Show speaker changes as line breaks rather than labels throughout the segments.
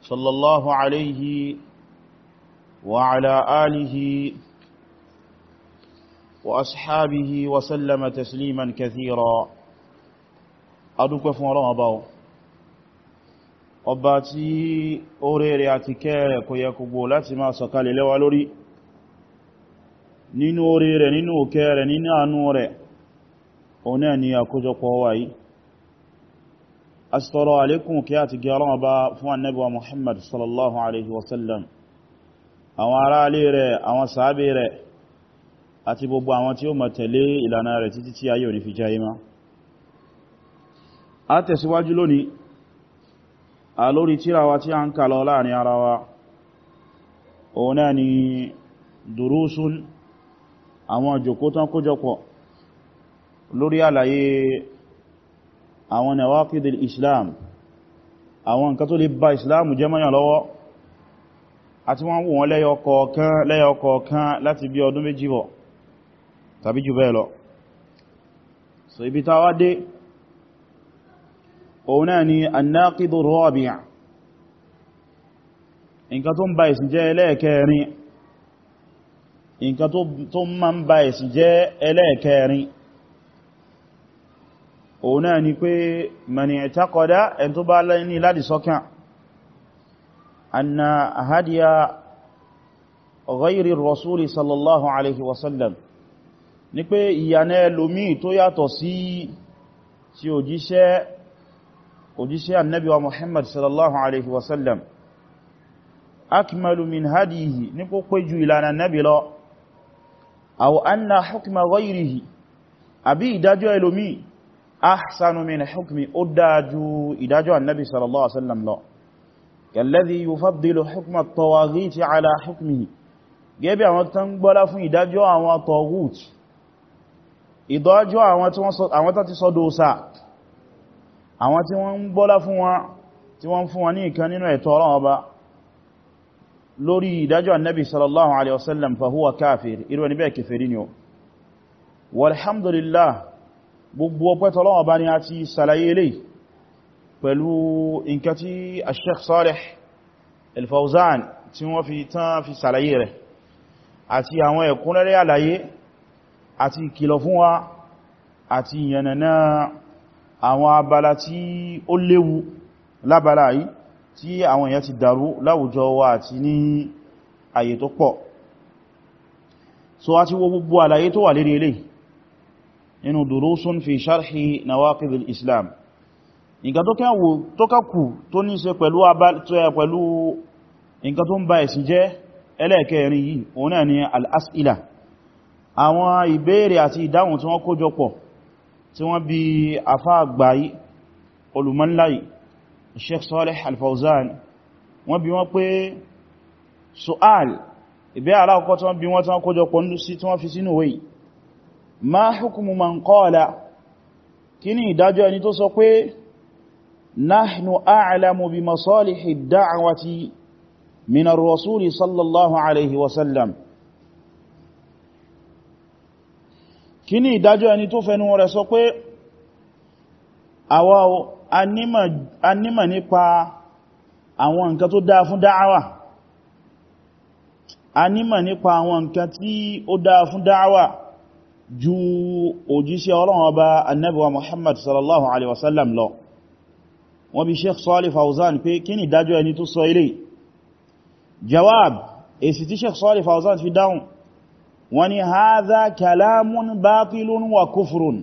صلى الله عليه وعلى آله وأصحابه وسلم تسليما كثيرا أدوك فورا أباو ọba tí ó rẹ̀rẹ̀ àti kẹ́rẹ̀ kò yẹ kògbò láti máa sọ̀kalẹ̀ lẹ́wà lórí nínú orí rẹ̀ nínú òkè rẹ̀ nínú àánú rẹ̀ òun náà ni àkójọpọ̀ wáyìí asitọrọ alekun kí a ti gẹ ọlọ́wọ́ bá fún annabuwa muhammad sallallahu alaihi wasallam àwọn ará alé rẹ̀ àwọn sàábé rẹ̀ àti gbogbo àwọn tí ó mọ̀ tẹ̀lé ìlànà rẹ̀ títí tí ayé òní fi jẹ́ imá a tẹ̀síwájú lónìí a lórí tírawa tí a ń kà lọ láàrin ara wa òun ni durusun àwọn jòkótán kójọpọ̀ lórí àlàyé àwọn nawaqidil islam àwọn nǹkan tó lè ba islam jẹ́ mọ́yàn lọ́wọ́ àti wọ́n wò wọ́n lẹ́yọ kọ̀ọ̀kan lẹ́yọ kọ̀ọ̀kan láti bí ọdún méjì bọ̀ tàbí jù bẹ́ẹ̀ lọ so ibi ta wá dé òun náà ni annaqidu rabi'a nǹkan tó ń ba ìsìn jẹ́ ẹlẹ́ẹ̀kẹrin òun náà ni pé mani ẹ̀tàkọ́dá ẹn tó bá ní láti sọ́kàn anna hadiya ghayri rasuli sallallahu alaihi wasallam ni pé ìyànà ẹlòmí tó yàtọ̀ sí tí òjíṣẹ́ òjíṣẹ́ annabi wa muhammad sallallahu alaihi wasallam akmalu min hadihi ní kó pé ju ìlànà annabi lọ aw anna hukma ghayrihi àbí ìdájọ́ ẹlòmí ahsanu min hukmi ó dájú ìdájọ́ annabi sallallahu alaihi wasallam lọ kalladhi yufaddilu hukma at-tawaghiti ala hukmihi gẹ́bí àwọn tán gbọ́lá fún ìdájọ́ àwọn tawaghut ìdájọ́ àwọn tó ti sọ dósà àwọn tí wọ́n ń gbọ́lá fún wọn tí wọ́n fún wọn ní ìkan nínú ẹ̀tọ́ Ọlọ́run lórí ìdájọ́ annabi sallallahu alaihi wasallam fa huwa kafir bẹ́ẹ̀ kèfèrí ni gbogbo ọpẹ́ tọ́lọ́wọ́ bá ní a ti sàlàyé ilé pẹ̀lú nǹkan tí a Sheikh Saleh al-Fawzan tí wọ́n fi tán fi sàlàyé rẹ̀ àti àwọn ẹ̀kúnrẹ́rẹ́ àlàyé àti ìkìlọ̀ fún wa àti ìyànnà àwọn abala tí ó léwu lábala yìí tí àwọn èèyàn ti dàrú láwùjọ wa àti ní àyè tó pọ̀ so a ti wo gbogbo àlàyé tó wà lérí eléyìí inú durusun fi sharhi nawaqid al-islam nǹkan tó kẹwò tó kàkù tó ní ṣe pẹ̀lú nǹkan tó ń ba ẹ̀sìn jẹ́ ẹlẹ́ẹ̀kẹrin yìí òun náà ni al-as'ila àwọn ìbéèrè àti ìdáhùn tí wọ́n kójọpọ̀ tí wọ́n bi afá àgbáyí olùmọ́láyì Sheikh Saleh Al-Fawzan wọ́n bi wọ́n pé su'al ìbẹ́ tí wọ́n bi wọ́n tí sí tí wọ́n fi sínú wéyìí ma hukumu man qala kí ni ìdájọ́ ẹni tó sọ pé nahnu a'lamu bi masalihi da'wati min ar-rasul sallallahu alayhi wa sallam kí ni ìdájọ́ ẹni tó fẹnu rẹ̀ sọ pé àwa anímọ̀ nípa àwọn nǹkan tó dáa fún da'wa anímọ̀ nípa àwọn nǹkan tí ó dáa fún da'wa ju òjíṣẹ́ Ọlọ́run ọba Ànábì wa Muhammad sallallahu alaihi wasallam lọ wọ́n bi Sheikh Salih Fawzan pé kí ni dájọ́ ẹni tó sọ ilé jawab èsì tí Sheikh Salih Fawzan fi dáhùn wọ́n ní hadha kalamun batilun wa kufrun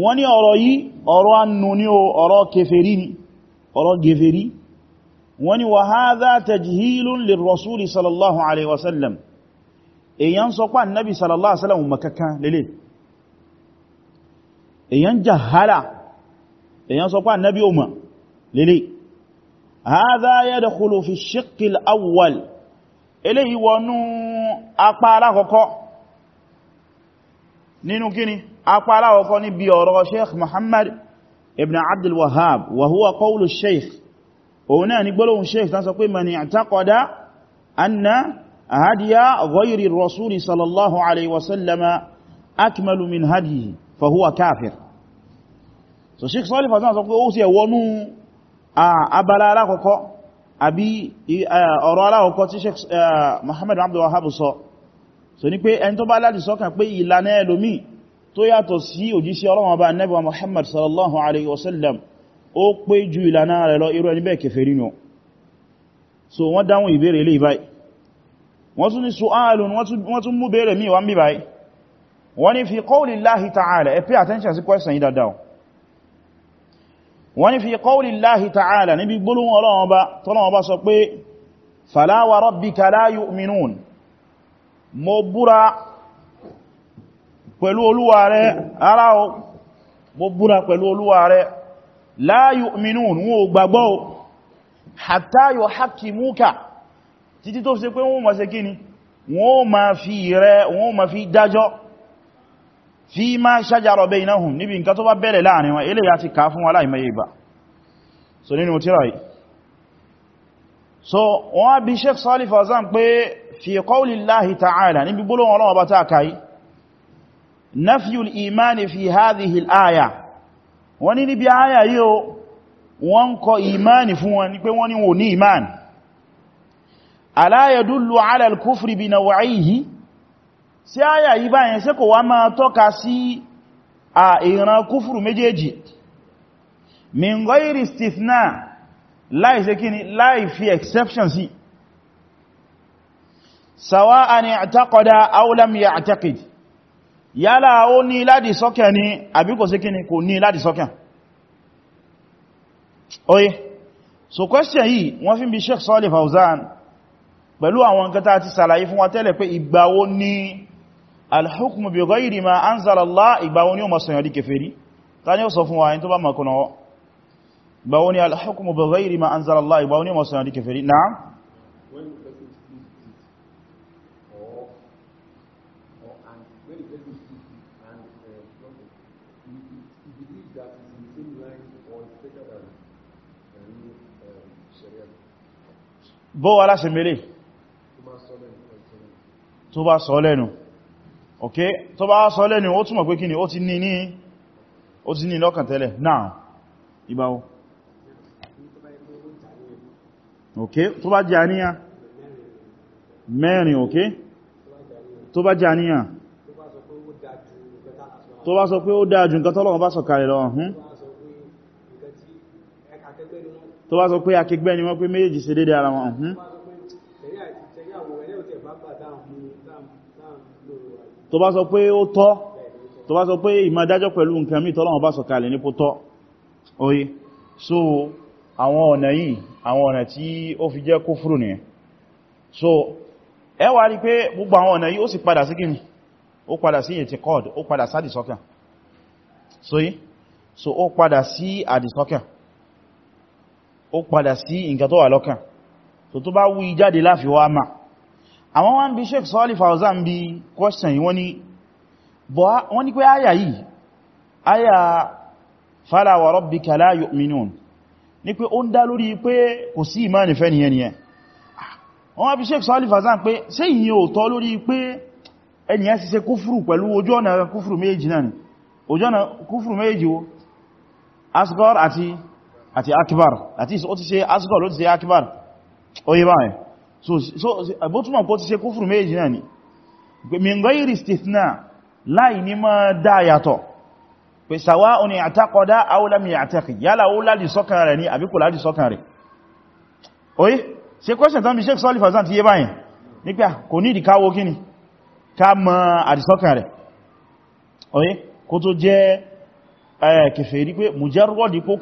wọ́n ní ọ̀rọ̀ yìí ọ̀rọ̀ annú ni ọ̀rọ̀ kèfèrí ni ọ̀rọ̀ gèfèrí wọ́n ní wa hadha tajhilun lirrasuli sallallahu alaihi wasallam èyàn sọ pé annabi sallallahu alaihi wasallam makakan lele èyàn jahala èyàn sọ pé annabi o ma lele hadha yadkhulu fi ash-shiqq al-awwal eléyìí wọnú apá alákọ̀ọ́kọ́ nínú kíni apá alákọ̀ọ́kọ́ ní bí ọ̀rọ̀ sheikh muhammad ibn abd al-wahhab wa huwa òun náà ni gbólóhùn هدي غير الرسول صلى الله عليه وسلم أكمل من هديه فهو كافر so Sheikh Salih Fawzān sọ pé ó sì ẹ̀wọ́nú abala alákọ̀ọ́kọ́ àbí ọ̀rọ̀ alákọ̀ọ́kọ́ tí Sheikh Muhammad Abdul Wahhab sọ so ní pé ẹni tó bá láti sọ́kàn pé ìlànà ẹlòmí tó yàtọ̀ sí òjíṣẹ́ Ọlọ́run Ọba Ànábì Muhammad sallallahu alaihi wasallam ó pé ju ìlànà rẹ̀ lọ irú ẹni bẹ́ẹ̀ kèfèrí ni so wọ́n dáhùn ìbéèrè eléyìí báyìí wọ́n tún ní su'alun wọ́n tún mú bèèrè mí wọ́n bí báyìí wọ́n ní fi qawli Allahi ta'ala ẹ pay attention sí question yìí dáadáa wọ́n ní fi qawli Allahi ta'ala níbi gbólóhùn Ọlọ́run Ọba títí tó ṣe pé wọ́n ma ṣe kíni wọ́n ma fi rẹ̀ wọ́n ma fi dájọ́ fi ma ṣájárọ̀ bainahum níbi nǹkan tó bá bẹ̀rẹ̀ láàrin wọn ilé ya ti ká fún wa láìmọye ìgbà so nínú wọ́n ni wọ́n ní wọ́n ala yadullu ala al-kufri bi naw'ihi sí àyà yìí báyẹn sí kò wá máa tọ́ka sí à ìran kúfùrù méjèèjì min ghayri istithna láì ṣe kíni láì fi exception sí sawa'an i'taqada aw lam ya'taqid yálà ó ní láti sọ́kẹ̀ ni àbí kò sí kíni kò ní láti sọ́kẹ̀ oye so question yìí wọ́n fi bí Sheikh Salih Fawzan pẹ̀lú àwọn nǹkan tá ti sàlàyé fún wa tẹ́lẹ̀ pé ìgbàwo ni alhukmu bi ghayri ma anzala Allah ìgbàwo ni ó ma sọ̀yàn di kèfèrí ta ni ó sọ fún wa ẹni tó bá makọ̀nà wọ́ ìgbàwo tó bá sọ lẹ́nu ok tó bá sọ lẹ́nu ó túnmọ̀ pé kíni ó ti ó ti ní lọ́kàn tẹ́lẹ̀ náà ìbáwó ok tó bá jẹ́ àníyàn mẹ́rin ok tó bá jẹ́ àníyàn tó bá sọ pé ó dáa nǹkan tọ́lọ́run hmm? bá sọ kalẹ̀ lọ tó bá sọ pé akẹgbẹ́ ni wọ́n pé méjèèjì ṣe dédé ara hmm? tó bá sọ pé ó tọ́ tó bá sọ pé ìmọ̀dájọ́ pẹ̀lú nǹkan mí tọ́lọ́wọ́ bá sọ kalẹ̀ ní pótọ́ oye so àwọn ọ̀nà yìí àwọn ọ̀nà tí ó fi jẹ́ kúfúrù nìyẹn so ẹ wá rí pé gbogbo àwọn ọ̀nà yìí ó sì padà sí gíní ó padà sí ètì kọ́ọ̀dù ó padà sí àdìsọ́kàn so yí so ó padà sí àdìsọ́kàn ó padà sí nǹkan tó wà lọ́kàn so tó bá wí jáde láfi wá máa àwọn wọ́n bí Sheikh Sọ́lì Fawzan bí question yìí wọ́n ni pé àyà yìí àyà fala wa rabbika la yu'minun ní pé ó ń dá lórí pé kò sí ìmáni fẹ́ nìyẹn nìyẹn wọ́n bí Sheikh Sọ́lì Fawzan pé ṣé ìyẹn ò tọ́ lórí pé ẹniyàn ṣiṣẹ́ kúfùrù pẹ̀lú ojú akbar àti ó ti ṣe asgore ló ti akbar ó yé so àbótúmọ̀ pọ́ ti ṣe kúfùrù méjì náà ni min ghayri istithna láì ní máa dáyàtọ̀ pé sawa'un i'taqada aw lam ya'taqid yálà ó láti sọ́kàn rẹ̀ ní àbí láti sọ́kàn rẹ̀ oye ṣe kọ́ṣẹ̀ tán bí Sheikh Salih Fawzan ti yé báyìí nígbà kò ní ìdíkáwó kíni ká mọ̀ àdìsọ́kàn rẹ̀ oye kó tó jẹ́ eh, kèfèrí pé mujarrad kó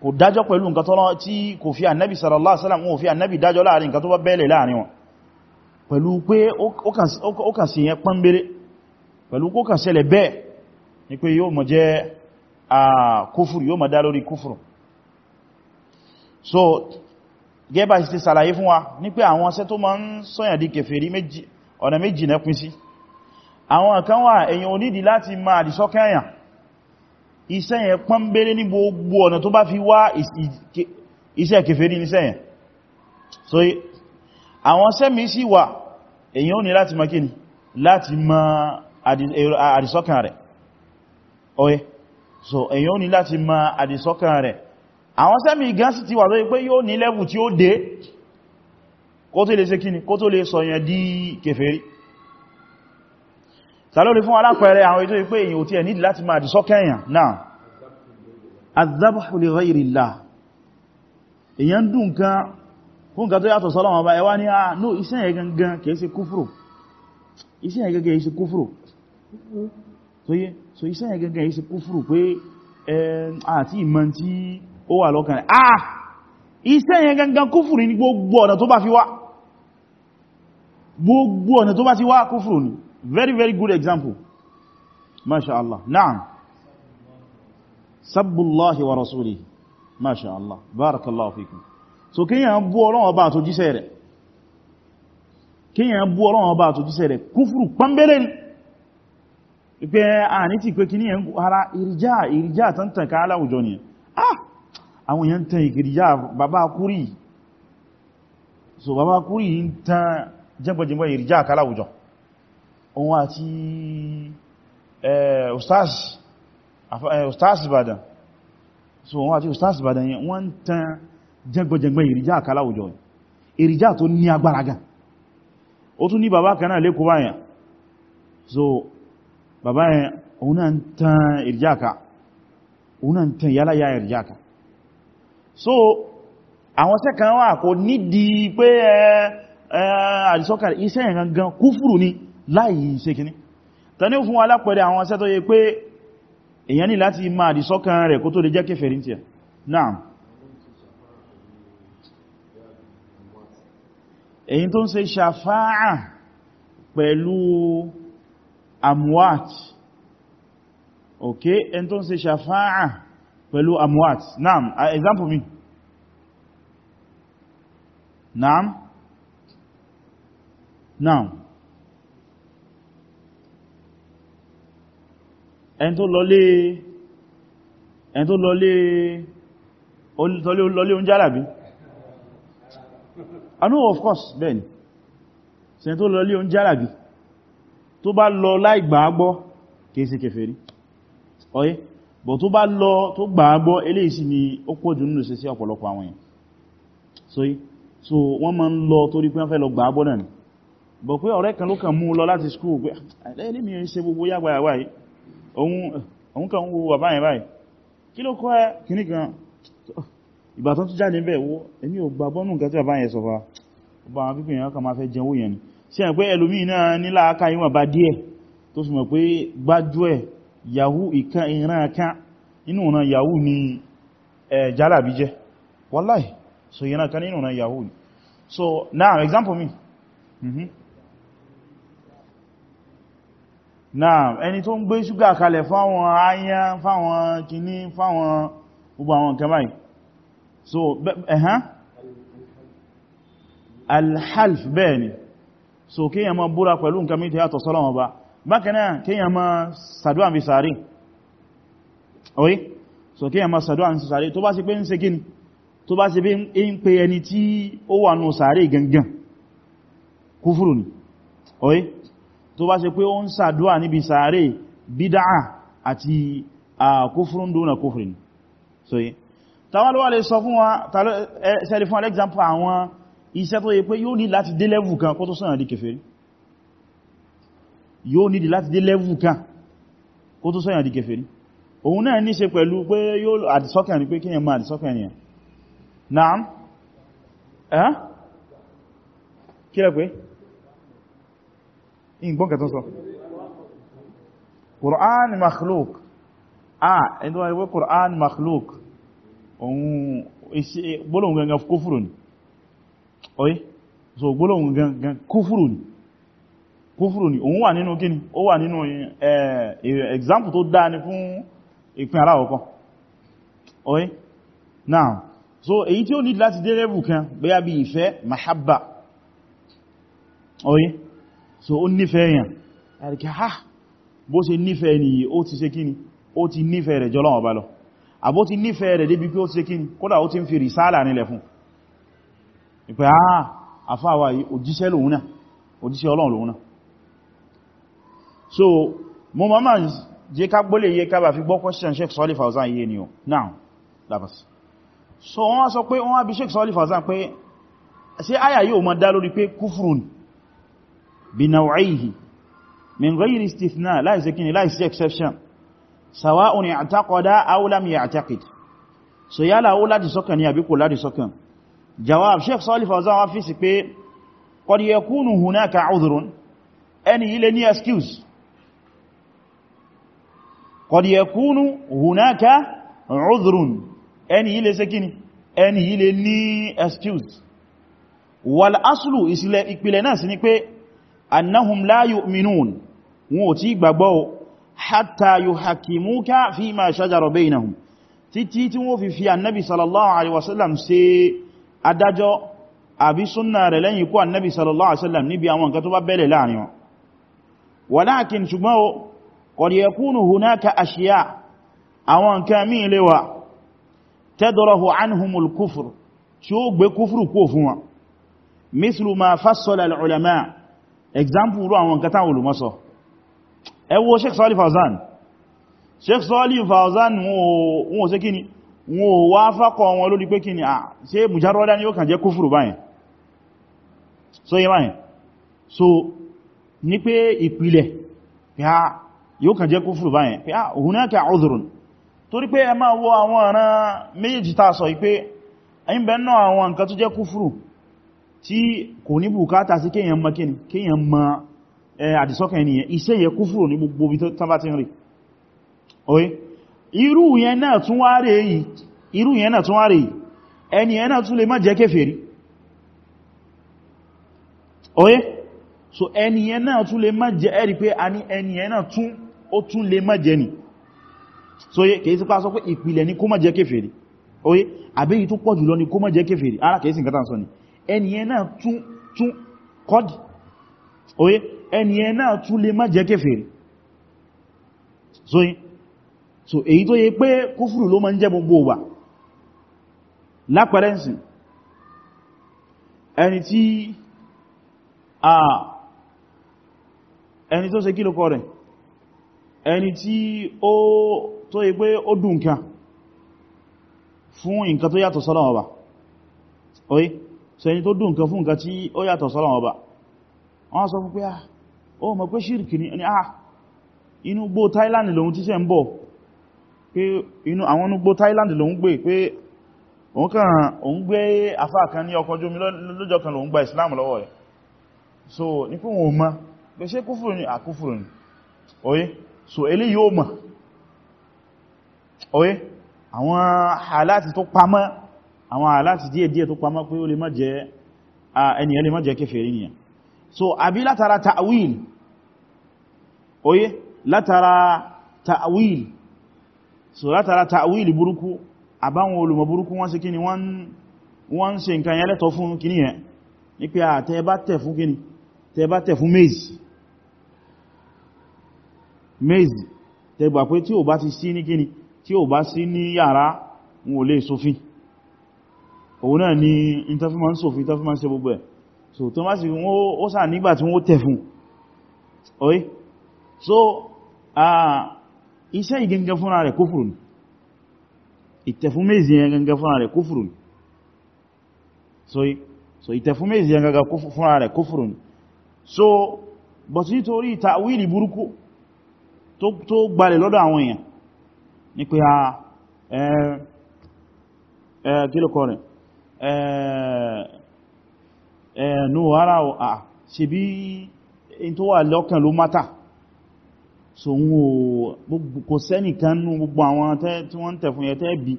kò dájọ́ pẹ̀lú nǹkan tọ́lọ́ tí kò fi annabi sallallahu alaihi wasallam wọn ò fi annabi dájọ́ láàrin nǹkan tó bá bẹ́ẹ̀lẹ̀ láàrin wọn pẹ̀lú pé ó kàn sí yẹn pọ́nbẹ̀rẹ̀ pẹ̀lú kó kàn ṣẹlẹ̀ bẹ́ẹ̀ ni pé yóò mọ̀ jẹ́ kúfùrù yóò mọ̀ dá so gẹ́bà ti sàlàyé fún wa ní pé àwọn iṣẹ́ tó máa ń sọ́yàn di kèfèrí méjì ọ̀nà méjì nẹ́pin sí àwọn kan wà iṣẹ́ yẹn pọ́nbélé ní gbogbo ọ̀nà tó bá fi wá iṣẹ́ kèfèrí ní iṣẹ́ yẹn so àwọn sẹ́mi sí wà èyàn ò ní láti mọ́ kíni láti mọ́ àdìsọ́kàn rẹ̀ ọ̀yẹ́ so èyàn ò ní láti mọ́ àdìsọ́kàn rẹ̀ àwọn sẹ́mi gan sí ti wà lórí pé yóò ní lẹ́wù tí ó dé kó tó lè ṣe kíni kó tó lè sọ̀yàn di kèfèrí sàlórí fún alápẹẹrẹ àwọn ètò ìpé èyàn tí ẹ̀ nídì láti máa dìsọ́ kẹ́yàn náà az-zabhu li ghayri Allah èyàn dùn kan fún ǹkan tó yàtọ̀ sọ́lọ́wọ́ bá ẹwà ní à no iṣẹ́ yẹ gangan kìí ṣe kúfùrù iṣẹ́ yẹ gangan yìí ṣe kúfùrù so iṣẹ́ yẹ gangan yìí ṣe kúfùrù pé àti ìmọ̀ tí ó wà lọ́kàn rẹ̀ ah iṣẹ́ yẹ gangan kúfùrù ní gbogbo ọ̀nà tó bá fi wá gbogbo ọ̀nà tó bá ti wá kúfùrù ni very very good example mashallah na'am sabbullahi wa rasulihi mashallah barakallahu fikum so kíyàn bú Ọlọ́run Ọba àtòjíṣẹ́ rẹ̀ kíyàn bú Ọlọ́run Ọba àtòjíṣẹ́ rẹ̀ kúfùrù pọ́nbélé ni pé a ní ti pé kí ní ẹ̀ ń ara ìrìjá ìrìjá tàntàn ká ni ah àwọn èèyàn tàn ìrìjá bàbá kúrì so bàbá kúrì ń tàn jẹ́gbọ̀jẹ́gbọ̀ ìrìjá ká aláwùjọ òun àti ustaz Ìbàdàn so òun àti ustaz Ìbàdàn yẹn wọ́n ń tan jẹgbẹjẹgbẹ ìrìjá àkàlà òjò ìrìjá tó ní agbára gan ó tún ní bàbá kan náà lẹ́kọ̀ọ́ báyàn so bàbá yẹn òun náà ń tan ìrìjá àkà òun náà ń tan yálàyà ìrìjá àkà so àwọn sẹ́kàn wà kò nídìí pé àdìsọ́kà iṣẹ́ ìrangan kúfùrù ni láì ṣe kìíní tàní fún wa lápẹẹrẹ àwọn iṣẹ́ tó yẹ pé èyàn ní láti máa àdìsọ́kàn rẹ̀ kó tó lè jẹ́ kèfèrí tí ẹ̀ náà èyí tó ń se ṣàfáà pẹ̀lú amwat ok èyí tó ń ṣe ṣàfáà pẹ̀lú amwat naam example mi naam naam ẹni tó lọlé oúnjẹ alábi i know of course bẹ́ẹ̀ni ṣe tó lọlé oúnjẹ alábi tó bá lọ láì gbàágbọ́ kèèsì kèfèrí ọ̀yẹ́ bọ̀ tó bá lọ tó gbàágbọ́ eléyìí ni ó pọ̀ jù nínú sí ọ̀pọ̀lọpọ̀ àwọn èèyàn so so wọ́n ma ń lọ torí pé wọ́n fẹ́ lọ gbàágbọ́ náà bọ̀ pé ọ̀rẹ́ kan ló kàn mú lọ láti skúù pé ah, ẹlẹ́ni ṣe gbogbo yàgbàyàwà yìí òun kan wo wà báyìí báyìí kí ló kọ́ ẹ kìíní kan ìbátan tó jáde bẹ́ẹ̀ wo èmi ò gbà bọ́nù nǹkan tí bàbá yẹn sọ fa ọba àwọn pípìn yẹn kan máa fẹ́ jẹun yẹn ni ṣe ẹ̀ pé ẹlòmíì náà nílà aka ìwọ̀n bá díẹ̀ tó sì mọ̀ pé gbájú ẹ̀ ni jálàbí jẹ́ wálláhì so ìran kan inú ọ̀nà yahoo so now example mi mm-hmm. náà ẹni tó ń gbé ṣúgà kalẹ̀ fáwọn ayá fáwọn kìíní fáwọn gbogbo àwọn nǹkan báyìí so ẹ̀hán alhalf bẹ́ẹ̀ ni so kíyàn ma búra pẹ̀lú nǹkan mítí yàtọ̀ sọ́lọ́wọ́ ba bákanáà kíyàn ma sàdúwà bí sàárì so kíyàn ma sàdúwà bí sàárì tó bá sì pé ń ṣe gíní tó bá sì pé ń pe ẹni tí ó tó bá ṣe pé ó ń sàdúwà níbi sàárè bídáà àti kófúrún dúnà kófúrin so yí tàwọn lọ́wọ́ lè sọ fún wa sẹ́lẹ̀ fún alexample àwọn iṣẹ́ tó yẹ pé yóò ní láti dé lẹ́vù kan kó tó sọ̀nà di kèfèrí yóò ní láti dé lẹ́vù kan kó tó sọ̀nà di kèfèrí òun náà ní ṣe pẹ̀lú pé yóò àdìsọ́kàn ní pé kí yẹn máa àdìsọ́kàn ní ẹ̀ naam ẹ́ kí lẹ́ pé ìgbọ́nkẹ̀ tó sọ Qur'an makhluk ah ẹni wọ́n wọ́n Qur'an makhluk ohun gbólóhùn gangan kúfùrù ni oye so gbólóhùn gangan kúfùrù ni kúfùrù ni òun wà nínú kíni ó wà nínú example tó dáa ni fún ìpín ara ọkọ̀ oye now so èyí tí ó ní láti dé rẹ́bù kan bóyá bí ìfẹ́ mahabba oye so ó nífẹ̀ẹ́ èyàn ẹ̀rẹ̀kẹ́ ha bó ṣe nífẹ̀ẹ́ nìyí ó ti ṣe kíni ó ti nífẹ̀ẹ́ rẹ̀ jọlọ́wọ́ bá lọ àbó ti nífẹ̀ẹ́ rẹ̀ débi pé ó ti ṣe kíni kódà ó ti ń fi rìsáàlà nílẹ̀ fún ìpẹ́ ah àfáwà yìí òjíṣẹ́ lòun náà òjíṣẹ́ ọlọ́run lòun náà so mo ma ma jẹ́ ká gbólé yé ká bá fi gbọ́ now labas so wọ́n sọ pé wọ́n á bi Sheikh Sọ́lì Fawzan pé ṣé بنوعيه من غير استثناء لا يسكن لا يسكن exception سواء اعتقد أو لم يعتقد so yálà ó láti sọ́kàn ní àbí kò láti sọ́kàn jawab sheikh Salih Fawzan wá fèsì pé qad yakunu hunaka udhrun ẹni ilé ní excuse qad yakunu hunaka udhrun ẹni ilé sẹ́kíní ẹni ilé ní excuse wal aslu ìsìlẹ̀ ìpìlẹ̀ náà sí ni pé annahum la yu'minun wọn ò tí gbàgbọ́ hatta yuhakimuka fi ma shajara bainahum títí tí wọ́n fi fi annabi sallallahu alaihi wasallam ṣe adájọ́ àbí súnnà rẹ̀ lẹ́yìn kú annabi sallallahu alaihi wasallam níbi àwọn nǹkan tó bá bẹ̀rẹ̀ láàrin wọn walakin ṣùgbọ́n o qad yakunu hunaka ashiya àwọn nǹkan mí lè wà tadrahu anhumul kufr tí ó gbé kúfùrù kó fún wọn mislu ma fassala al ulama example rú àwọn nǹkan táwọn olùmọ́sọ ẹ wo Sheikh Salih Fawzan Sheikh Salih Fawzan wọn ò kini, kíni wọn ò wá fákọ wọn lórí pé kíni à ah, ṣe mujarrada ni ó kàn jẹ́ kúfùrù báyìí so yẹ báyìí so ní pé ìpìlẹ̀ pé á ah, yóò kàn jẹ́ kúfùrù báyìí pe á ah, hunaka udhrun torí pé ẹ máa wo àwọn ọ̀ràn méjì tá a sọ yìí pé ẹ̀yìn bẹ́ẹ̀ náà àwọn nǹkan tó jẹ́ tí kò ní bùkátà sí kéèyàn mọ́ kíni kéèyàn mọ́ àdìsọ́kàn ènìyàn iṣẹ́ yẹ kúfùrù ní gbogbo ibi tán bá ti ń rí oye irú yẹn náà tún wá rẹ̀ yìí irú yẹn náà tún wá rẹ̀ yìí ẹni yẹn náà tún lè má jẹ́ kèfèrí oye so ẹni yẹn náà tún lè má jẹ́ ẹ̀rí pé a ní ẹni yẹn náà tún ó tún lè má jẹ́ ni so yẹ kèé sí pá sọ pé ìpìlẹ̀ ni kó má jẹ́ kèfèrí oye àbí èyí tó pọ̀ jùlọ ni kó má jẹ́ kèfèrí ara kèé sí nǹkan tàn sọ ni ẹniyẹn náà tún kọ́dì oye ẹniyẹn náà tún lè má jẹ́ kèfèrí so èyí tó yẹ pé kúfùrù ló máa ń jẹ́ gbogbo wà lápẹrẹnsì ẹni tí a ẹni tó ṣe kílùkọ rẹ̀ ẹni tí ó tó yẹ pé ó dùn nǹkan fún nǹkan tó yàtọ̀ sọ́lọ́wọ́ bá oye so ẹni tó dùn kan fún nǹkan tí ó yàtọ̀ sọ́lọ́wọ́ ọba wọ́n sọ fún pé ah o mọ̀ pé ṣírkì ní ah inú gbó Thailand lòun tíṣẹ́ ń bọ̀ pé inú àwọn inú gbó Thailand lòun gbé pé òun kàn òun gbé afá kan ní ọkọ̀ jómi lọ́jọ́ kan lòun gba Islam lọ́wọ́ rẹ̀ so ní fún wọn ma pé ṣe kúfùrù oye so elé yóò oye àwọn haláti tó pamọ́ àwọn aláti díẹ̀ díẹ̀ tó pamọ́ pé ó lè má jẹ́ ẹniyàn lè má jẹ́ kéfèrí nìyàn so àbí látara ta'wil oye látara ta'wil so látara ta'wil burúkú àbáwọn olùmọ̀ burúkú wọ́n ṣe kí ni wọ́n ṣe nǹkan yẹn lẹ́tọ̀ fún kí ni yẹn ní pé à tẹ́ bá tẹ̀ fún kí ni tẹ́ bá tẹ̀ fún maize maize tẹ́gbà pé tí ò bá ti ni tí ò bá sí ní yàrá wọn òun náà ni interference sòfin interference so tó má sì ó sà nígbà tí wọ́n tẹ̀ fún oí so iṣẹ́ ìgẹngẹ fúnra rẹ̀ kófùrù ní ìtẹ̀fún méjì fúnra rẹ̀ so ìtẹ̀fún so nítorí ìtàwílì burúkú tó gbalẹ̀ lọ́dọ̀ àwọn èèyàn ní pé a ẹ̀ẹ́ kílùkọ́ rẹ̀ ẹ̀ẹ̀nú eh, eh, ara à ah, ṣe bí in tó wà lọ́kàn ló mátà so ń wo kò sẹ́nìkan nú gbogbo àwọn tí wọ́n ń tẹ̀ fún yẹtẹ́ bí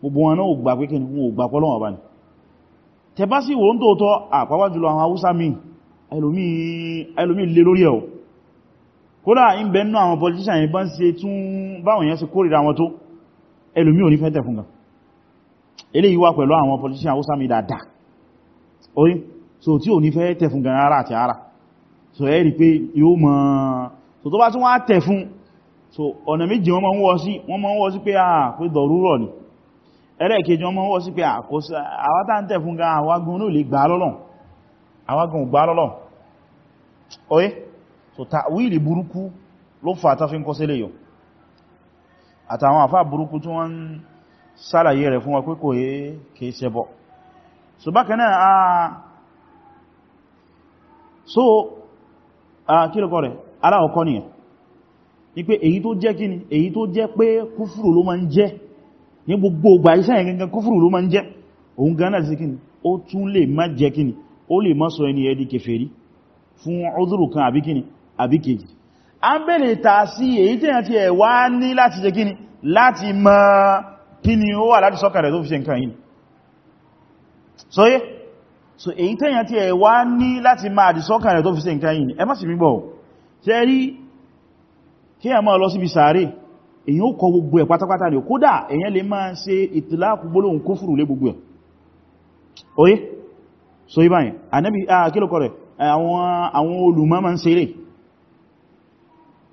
gbogbo wọn náà gbà pé kìnnìkún ò gbà pọ́lọ́wọ̀n bá ní tẹbá sí wọ́n tó tọ́ àpapá jùlọ àwọn haúsá mi ẹlòmí lè lórí ẹ̀ kódà ń bẹ nú àwọn politician yìí bá ń ṣe tún báwọn yẹn ṣe kórìíra wọn tó ẹlòmí ò ní fẹ́ tẹ̀ fún gan eléyìí wà pẹ̀lú àwọn politician Hausa mi dáadáa orí so tí ò ní fẹ́ tẹ̀ gan ara àti ara so ẹ́ rí pé yóò mọ̀ so tó bá tún wá tẹ̀ so ọ̀nà méjì wọ́n máa ń wọ́ sí wọ́n máa ń wọ́ sí pé à ah, pé dọ̀rúrọ̀ ni ẹlẹ́ẹ̀kejì wọ́n máa ń wọ́ sí pé àkóso ah, àwátá so tàwílì burúkú ló fà tá fi ń kọ́ sílẹ̀ yọ sálàyé rẹ̀ fún wa pé kò yé kìí ṣẹbọ so bákanáà a so a kílùkọ́ rẹ̀ aláọ̀kọ́ nìyàn ní pé èyí tó jẹ́ kíni èyí tó jẹ́ pé kúfùrù ló ma ń jẹ́ ní gbogbo ọgbà iṣẹ́ yẹn gangan kúfùrù ló ma ń jẹ́ òun gánà sí kíni ó tún lè má jẹ́ kíni ó lè má sọ ẹni ẹni kèfèrí fún ọdúrù kan àbí kíni àbí kejì a láti jẹ́ kí ni ó wà láti sọ́kàn rẹ̀ tó fi ṣe nǹkan yìí so yé so èyí tẹ́yàn tí ẹ wá ní láti máa di sọ́kàn rẹ̀ tó fi ṣe nǹkan yìí ẹ má sì mígbọ̀ ṣe rí kí ẹ máa lọ síbi sàárè èyí ó kọ gbogbo ẹ̀ pátápátá rẹ̀ kódà èyàn lè máa ṣe ìtìláàkù so ibáyìn ànábì àkílòkọ rẹ̀ àwọn olùmọ́ máa ń ṣeré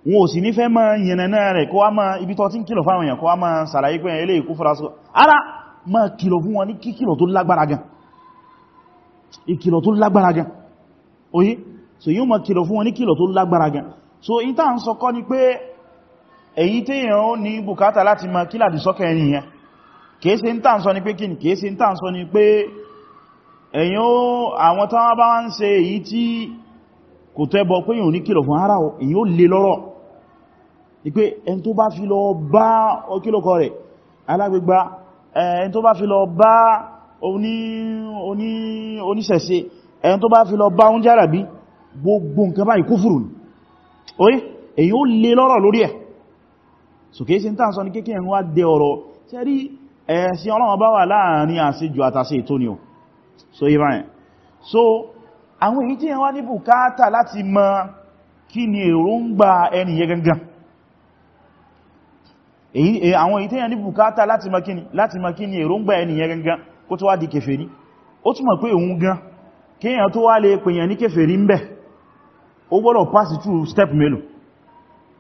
wọn ò sì ní fẹ́ máa yẹnẹ̀nà rẹ̀ kó a máa ibi tó ti ń kìlọ̀ fáwọn èèyàn kó a máa sàlàyé pé ilé ìkú fara sọ ara máa kìlọ̀ fún wọn ní kíkìlọ̀ tó lágbára gan ìkìlọ̀ tó lágbára gan oyí so yíò máa kìlọ̀ fún wọn ní kìlọ̀ tó lágbára gan so in ta ń sọ kọ́ ni pé èyí téèyàn ó ní bùkátà ni pé kíni kèése ń tà ń sọ ni pé èyàn ó àwọn táwọn bá wá ń ṣe èyí tí kò tẹ́bọ ìpé ẹn tó bá fi lọ bá ọkílọ́kọ rẹ̀ alágbègbà ẹn tó bá fi lọ bá oníṣẹ̀ṣe ẹn tó bá fi lọ bá oúnjẹ àràbí gbogbo nǹkan báyìí kúfùrù ní oye èyí ó lè lọ́rọ̀ lórí ẹ̀ so kìí ṣe ń sọ ní kéèkéè wá dé ọ̀rọ̀ so yí so àwọn èyí tí ẹ wá ní bùkátà láti ni èròǹgbà Eh, àwọn èyí tẹ́yàn ní bùkátà láti makíni láti makíni èròǹgbà ẹniyàn gangan kó tó wá di kèfèrí ó túnmọ̀ pé òun gan kíyàn tó wá lè pèyàn ní kèfèrí ń bẹ̀ ó gbọ́dọ̀ pàsì tú step mélòó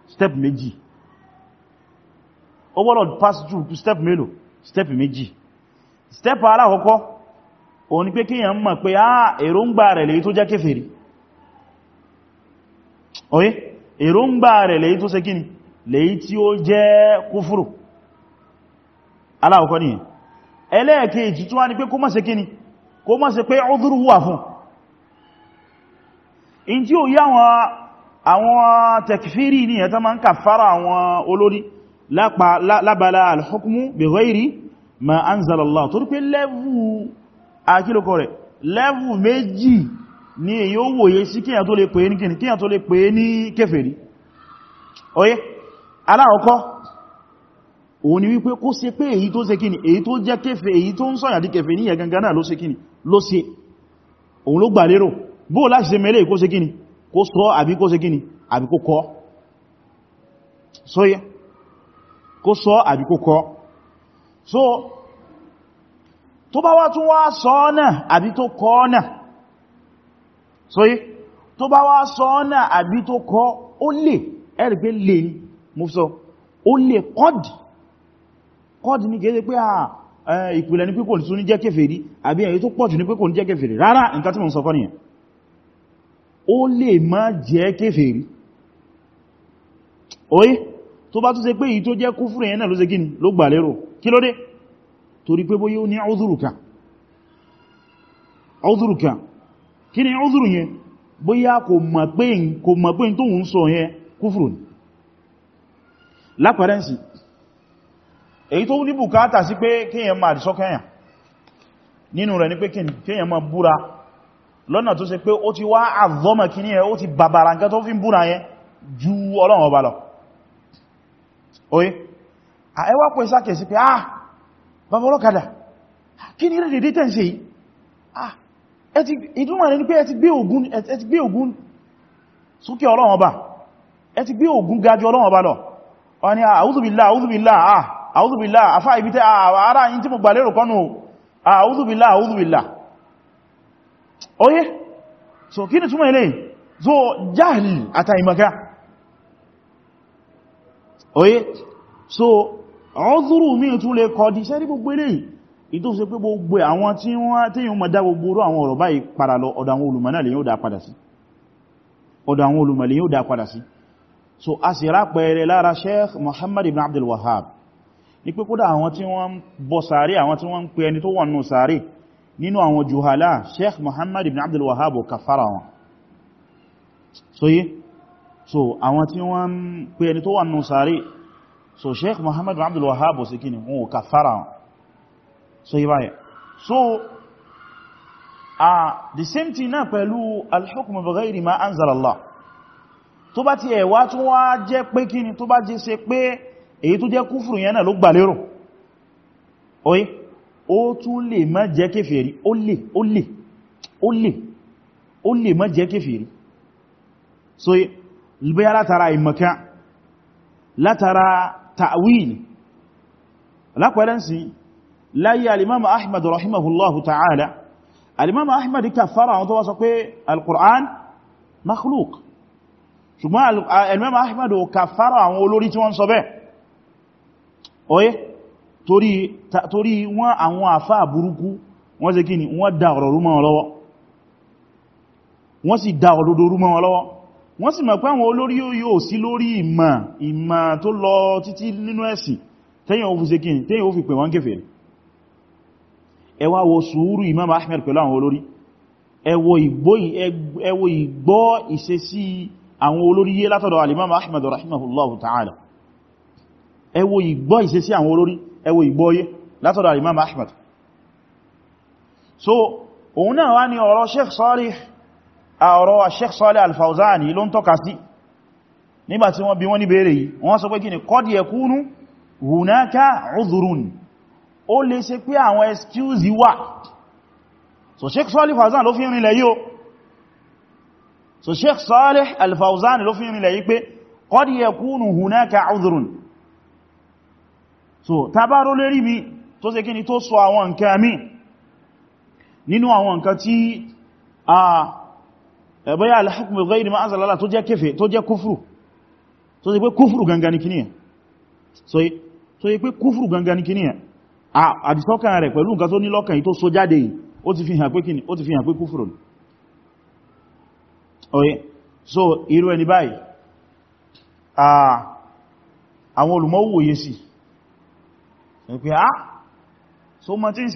step méjì ó gbọ́dọ̀ pàsì tú step mélòó step méjì step alákọ̀ọ́kọ́ òun ni pé kíyàn mọ̀ pé á èròǹgbà oye èròǹgbà rẹ̀ lèyí tó ṣe lèyí tí ó jẹ́ kúfúrù aláwọ̀kọ́ ni ẹlẹ́ẹ̀kejì tí wá ní pé kó má ṣe kíni kó má ṣe pé ọdúrú wà fún in tí ó yá àwọn tekfiri ní ẹ̀ta ma ń kàfàrà àwọn olórí lábàlá alhukumu bi ghairi ma anzalallah tó rípé lẹ́wù akílùkọ rẹ̀ lẹ́wù méjì ni èyí ó wòye sí kíyàn tó lè pè ní kíyàn oye oh, yeah? aláàkọ́ òun ni wípé kó ṣe pé èyí tó ṣe kíni èyí tó jẹ́ kéfè èyí tó ń sọ̀yà dí kéfè ní ẹ̀gangan náà ló ṣe kíni ló ṣe òun ló gbà lérò bóò láti ṣe mẹ́lẹ̀ kó ṣe kíni kó sọ àbí kó ṣe kíni àbí kó kọ́ sóyẹ́ kó sọ àbí kó kọ́ so tó bá wá tún wá sọ náà àbí tó kọ́ náà sóyẹ́ tó bá wá sọ náà àbí tó kọ́ ó lè ẹ̀rì lè ní mo sọ ó lè kọ́dì kọ́dì ní kéèsé pé ah, ìpìlẹ̀ ní pé kò tún ní jẹ́ kèfèrí àbí èyí tó pọ̀jù ní pé kò ní jẹ́ kèfèrí rárá nǹkan tí mo sọ kọ́ nìyẹn ó lè má jẹ́ kèfèrí oye tó bá tún ṣe pé èyí tó jẹ́ kúfúrù yẹn náà ló ṣe ni ọdúrù yẹn bóyá kò mọ̀ pé lápẹrẹnsì èyí tó ní bùkátà sí pé kíyàn máa àdìsọ́ kẹyàn nínú rẹ̀ ní pé kíyàn máa búra lọ́nà tó ṣe pé ó ti wá àzọ́mọ̀ kí ní ẹ ó ti bàbàrà nǹkan tó fi ń búra yẹn ju ọlọ́run ọba lọ oye àẹwà pẹ̀ sákẹ̀ ah bàbá ọlọ́kadà kí ní rẹ̀ ah ìdúnmà rẹ̀ ní pé ẹ ti gbé ògún sókè ọlọ́run ọba ẹ ti gbé ògún lọ wọ́n ni àwúzùbìlá àwúzùbìlá àwúzùbìlá àfá ibi tẹ́ àwárá ah, yìí tí mo gbà lérò kọ́nù àwúzùbìlá àwúzùbìlá oye so kí ni túnmọ̀ ilé so jáàlì àtàìmọ̀ká oye so ọzúrù mi tún lè kọ́ di sẹ́rí gbogbo ilé ìtò ṣe pé gbogbo àwọn tí wọ́n tí yíò mọ̀ dá gbogbo orú àwọn ọ̀rọ̀ báyìí padà lọ ọ̀dọ̀ àwọn olùmọ̀ náà lè yóò dá padà sí so a sì rá pẹ̀ẹ̀rẹ̀ lára sheikh muhammad ibn abdul wahhab ní pé kódà àwọn tí wọ́n bọ sàárè àwọn tí wọ́n ń pè ẹni tó wọ̀n nù sàárè nínú àwọn juhala sheikh muhammad ibn abdul wahhab ò kàfàrà wọn so yí so àwọn tí wọ́n ń pè ẹni tó wọ̀n nù sàárè so sheikh muhammad ibn abdul wahhab ò sí ni wọn ò kàfàrà wọn so yí báyẹ̀ so a ah, the same thing náà pẹ̀lú al-hukm ma anzala Allah tó bá ti ẹ̀wà tó wá jẹ́ pé kí ni tó bá jẹ́ ṣe pé èyí tó jẹ́ kúfùrù yẹn náà ló gbà lérò oye ó tún lè má jẹ́ kéfèrí ó lè ó lè ó lè ó lè má jẹ́ kéfèrí so bóyá látara ìmọ̀ká látara ta'wil lápẹ́lẹ́nsì láyé alimama ahmad rahimahullahu ta'ala alimama ahmad kàfàrà àwọn tó wá sọ pé al-Qur'an ṣùgbọ́n ẹ̀lmẹ́mà ahmadu kàfàrà àwọn olórí tí wọ́n sọ bẹ́ẹ̀ oye torí wọ́n àwọn àfá burúkú wọ́n ṣe kíni wọ́n dá ọ̀rọ̀ rúmọ́ wọn lọ́wọ́ wọ́n sì dá òdodo rúmọ́ wọn lọ́wọ́ wọ́n sì mọ̀ pé àwọn olórí yóò sí lórí ìmọ̀ ìmọ̀ tó lọ títí nínú ẹ̀sìn tẹ́yìn ó fi ṣe kíni tẹ́yìn ó àwọn olórí yé látọ̀dọ̀ alimama ahmad rahimahullahu ta'ala ẹ wo ìgbọ́ ìṣesí àwọn olórí ẹ wo ìgbọ́yé látọ̀dọ̀ alimama ahmad so òun náà wá ní ọ̀rọ̀ sheikh salih ọ̀rọ̀ sheikh salih al-fawzani ló ń tọ́ka sí nígbàtí wọ́n bi wọ́n ní béèrè yìí wọ́n sọ pé kí ni qad yakunu hunaka udhrun ó lè ṣe pé àwọn excuse wà so sheikh salih fawzani ló fi rìnlẹ̀ yìí so sheikh salih al-fawzan ló fi rinlẹ̀ yí pé qad yakunu hunaka udhrun so tabaro lérí mi tó ṣe kí ni tó sọ àwọn nǹkan mi nínú àwọn nǹkan tí a ẹ̀bọ́yà al-hukm bi ghayri ma anzala Allah tó jẹ́ kéfè tó jẹ́ kúfùrù tó ṣe pé kúfùrù gangan ni kíníyà so yí pé kúfùrù gangan ni kíníyà àdìsọ́kàn rẹ̀ so iru eni bayi aa awon olumowo oye si e pe a ah, so ma ti n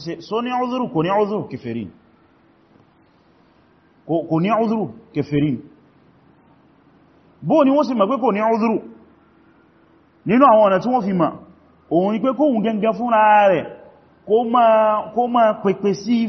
se so ni ozuru ko ni ozuru keferin ko ni ozuru keferin bo ni won si ma pe ko ni ozuru ninu awon ona ti won fi ma ohun ni pe ko ohun genge funra re ko ma pepe si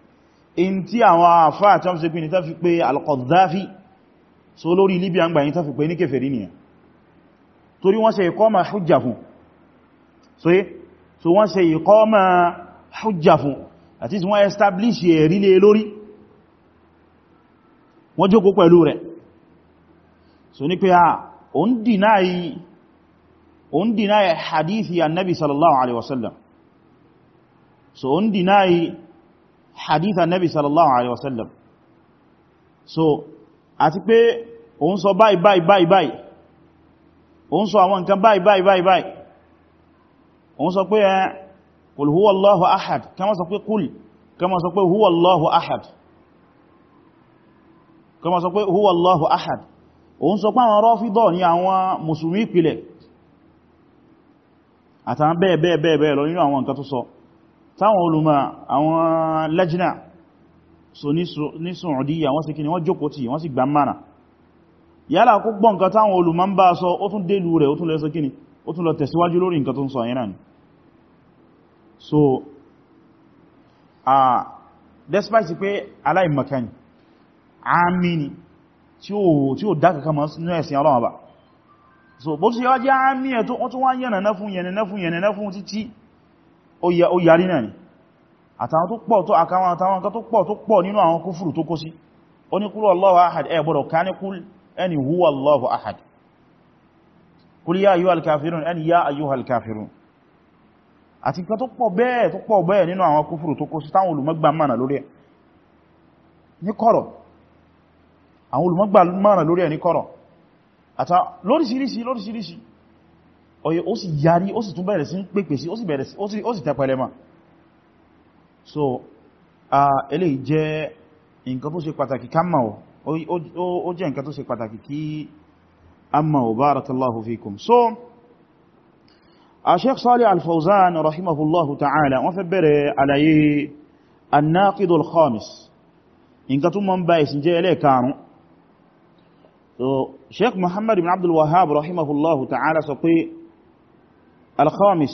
in tí àwọn àfá àti ọmọ sípin ní tá fi pé al-Qaddafi so lórí Libya ń gbà yí tá fi pé ní kèfèrí nìyà torí wọ́n ṣe ìkọ́mà hujja fún so wọ́n ṣe ìkọ́mà hujja fún àti wọ́n establish ẹ̀rí lé lórí wọ́n jókòó pẹ̀lú rẹ̀ so ní pé a òun dìnáyì hadithi annabi sallallahu alaihi wasallam so òun dìnáyì hadith annabi sallallahu alaihi wasallam so àti pé òun sọ báyìí báyìí báyìí báyìí òun sọ àwọn nǹkan báyìí báyìí báyìí báyìí òun sọ pé ẹ eh, kul huwa allahu ahad kama sọ pé kul kama sọ pé huwa allahu ahad kama sọ pé huwa allahu ahad òun sọ pé àwọn rọ́fídọ̀ ní àwọn mùsùlùmí ìpìlẹ̀ àtàwọn bẹ́ẹ̀ bẹ́ẹ̀ bẹ́ẹ̀ lọ nínú àwọn nǹkan tó sọ so táwọn olùmọ̀ àwọn lẹ́jìnà so ní Saudiya wọ́n sì kí ni wọ́n jókòó tí wọ́n sì gbà mánà yálà kó gbọ́ nǹkan táwọn olùmọ̀ ń bá sọ ó tún délù rẹ̀ ó tún lọ sọ kíni ó tún lọ tẹ̀síwájú lórí nǹkan tó ń sọ yẹn ni so ah despite pé aláìmọ̀kan àmìnì tí ó dákàkà mọ́ sínú ẹ̀sìn ọlọ́wọ́ ba so bó ti yọ́ jẹ́ àmì ẹ̀ tó wọ́n tún wá yẹ̀nà náà fún yẹ̀nà náà fún yẹ̀nà ó yarí náà ni àtàwọn tó pọ̀ tó àkàwọn àtàwọn kan tó pọ̀ tó pọ̀ nínú àwọn kúfùrù tó kó sí ó ní kúrò Allahu ahad ẹ gbọ́dọ̀ ká ní kúl ẹni huwa Allahu ahad kúl yá ayú alkafirun ẹni yá ayú alkafirun àti kan tó pọ̀ bẹ́ẹ̀ tó pọ̀ bẹ́ẹ̀ nínú àwọn kúfùrù tó kó sí táwọn lórí ẹ̀ lórí ẹ̀ ọyẹ ó sì yarí ó sì tún bẹ̀rẹ̀ sí ń pèpè sí ó sì bẹ̀rẹ̀ sí ó sì tẹpẹlẹ ma so eléyìí jẹ́ nǹkan tó ṣe pàtàkì ká mọ̀ ó jẹ́ nǹkan tó ṣe pàtàkì kí a mọ̀ barakallahu fikum so Shaykh Saalih Al Fawzān rahimahullahu ta'ala wọ́n fẹ́ bẹ̀rẹ̀ àlàyé an-Nāqid al-Khāmis nǹkan tó so Shaykh Muhammad ibn Abdul Wahhab rahimahullahu ta'ala sọ pé alkhamis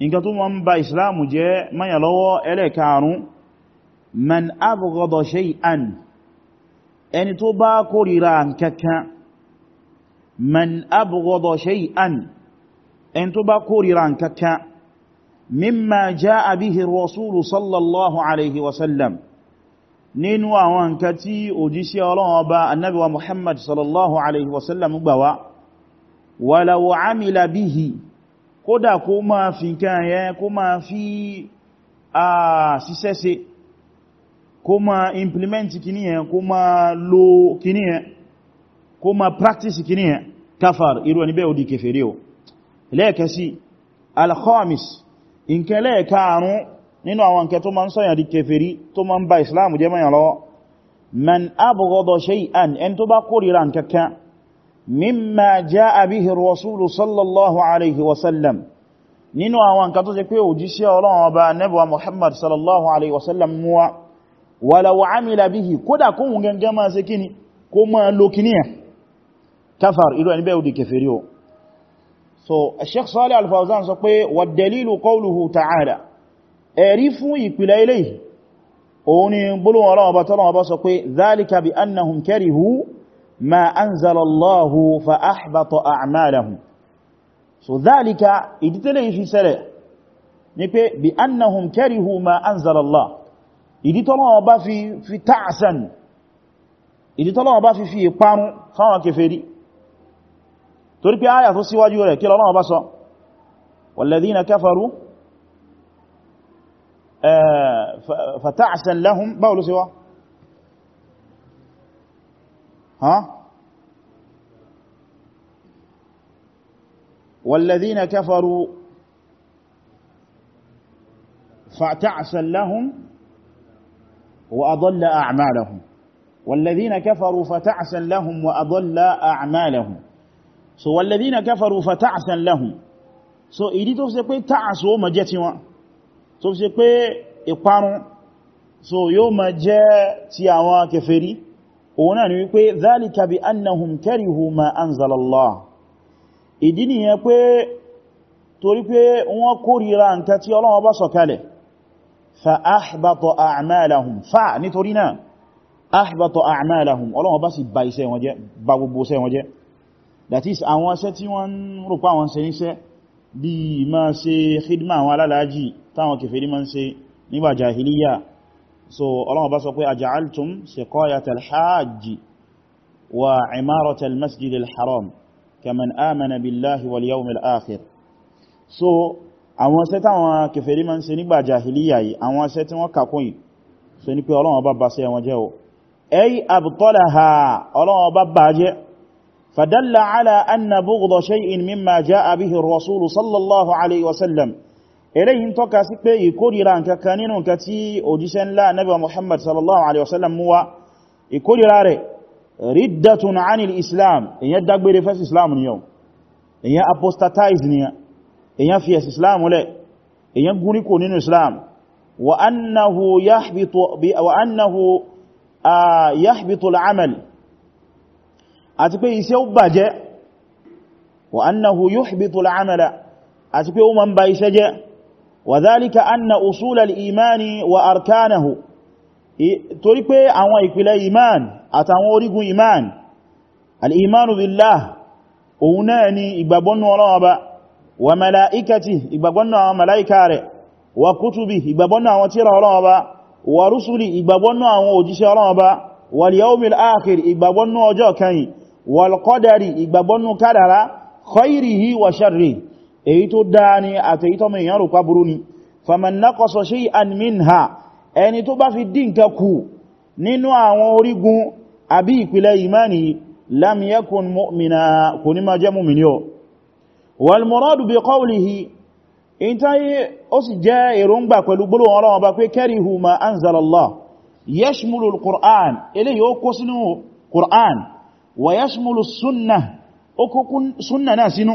nǹkan tó wọ́n ń ba islamu jẹ́ mayà lọ́wọ́ ẹlẹ́karùn man abghada shay'an ẹni tó bá kórìíra nǹkankan man abghada shay'an ẹni tó bá kórìíra nǹkankan mimma ja'a bihi rasulu sallallahu alaihi wasallam nínú àwọn nǹkan tí òjíṣẹ́ Ọlọ́run ọba annabi wa muhammad sallallahu alaihi wasallam gbà kódà kó máa fi nǹkan yẹn kó máa fi àṣìṣẹ́ṣe kó máa implement kìní yẹn kó máa lo kìní yẹn kó máa practice kìní yẹn kafar irú ẹni bẹ́ẹ̀ ó di kèfèrí o lẹ́ẹ̀kẹ́ sí al-khamis nǹkan lẹ́ẹ̀kàrún nínú àwọn nǹkan tó máa ń sọ́yàn di kèfèrí tó máa ń ba islam jẹ́ mọ́yàn lọ́wọ́ man abghada shay'an ẹni tó bá kórìíra nǹkankan mímá já àbíhì rasúlù sallallahu alaihi wasallam nínú àwọn nǹkan tó ṣe pé òjíṣẹ́ ọlọ́run ọba nẹ́bàá muhammad sallallahu alaihi wasallam muwa wàlà wà ámìlà bíhì kódà kóhun gangan máa ṣe kíni kó máa lo kíní ẹ̀ kafar so sheikh salih al-fawzan sọ pé wà dalilu qawluhu ta'ala ẹ̀rí fún ìpìlẹ̀ ilé òun ni gbólóhùn ọlọ́run ما أنزل الله فأحبط أعمالهم so ذلك ìdítẹ́lẹ̀ ìfi sẹ́lẹ̀ ní pé bí annahum karihu ma anzala Allah ìdítọ́lọ́wọ́ bá fi fi ta'asan ìdítọ́lọ́wọ́ bá fi fi ìparun fáwọn kèfèrí torí pé áyà tó síwájú rẹ̀ kí lọ́wọ́ bá sọ والذين كفروا fata'asan lahum báwọn ló síwájú والذين كفروا فتعسا لهم وأضل أعمالهم والذين كفروا فتعسا لهم وأضل أعمالهم so والذين كفروا فتعسا لهم so ìdí tó fi ṣe pé ta'as ma jẹ́ ti wọn tó fi ṣe pé ìparun so yóò ma jẹ́ ti àwọn kèfèrí òun náà ni wípé dhalika bi annahum karihu ma anzalallah ìdí nìyẹn pé torí pé wọ́n kórìíra nǹkan tí Ọlọ́run bá sọ̀kalẹ̀ fa ahbata a'malahum fa nítorí náà ahbata a'malahum Ọlọ́run bá sì bà iṣẹ́ wọn jẹ́ bà gbogbo iṣẹ́ wọn jẹ́ that is àwọn iṣẹ́ tí wọ́n rò pa àwọn níṣẹ́ bí ma ṣe khidma àwọn alálàájì táwọn kèfèrí ma ń ṣe nígbà jahiliya so ọlọ́wọ́ bá sọ pé aja'altum siqayata al-hajji wa imarata al-masjid al-haram billahi wal yawm al so àwọn ṣẹ́ táwọn kèfèrí ma ń ṣe nígbà jahiliya yìí àwọn ṣẹ́ tí wọ́n kàkún so ní pé ọlọ́wọ́ bá bá ṣẹ́ wọn jẹ́ o ay abtalaha ọlọ́wọ́ bá bá jẹ́ fadalla ala anna bughda shay'in mimma ja'a eléyìn tọ́ka sí pé ìkórìíra nǹkankan nínú nǹkan tí òjíṣẹ́ ńlá Ànábì Muhammad sallallahu alaihi wasallam mú wá ìkórìíra rẹ̀ riddatun anil islam èyàn dágbére fẹ́sì islam nìyàn èyàn apostatize nìyàn èyàn fi ẹ̀sì islam lẹ̀ èyàn gúnrí kò nínú islam wa annahu yahbitu wa annahu yahbitu al-amal ma ń ba iṣẹ́ jẹ́ وذلك أن أصول الإيمان وأركانه torí pé àwọn ìpìlẹ̀ iman àtàwọn orígun iman al'imanu billah òun náà ni ìgbàgbọ́nù Ọlọ́run Ọba wa mala'ikati ìgbàgbọ́nù àwọn mala'ika rẹ̀ wa kutubi ìgbàgbọ́nù àwọn tírà Ọlọ́run Ọba wa rusuli ìgbàgbọ́nù àwọn òjíṣẹ́ Ọlọ́run Ọba wal yawmil akhir ìgbàgbọ́nù ọjọ́ kan wal qadari ìgbàgbọ́nù kádàrá khairihi wa sharrihi èyí tó dáa ni àti èyí tọ́mọ èèyàn rò pàbúrú ni faman naqasa shay'an minha ẹni tó bá fi dí nǹkan kù nínú àwọn orígun àbí ìpìlẹ̀ ìmáni lam yakun mu'mina kò ní máa jẹ́ mu'mini ọ wal muradu bi qawlihi in ta yi ó sì jẹ́ èròǹgbà pẹ̀lú gbólóhùn Ọlọ́run bá ma sunna náà sínú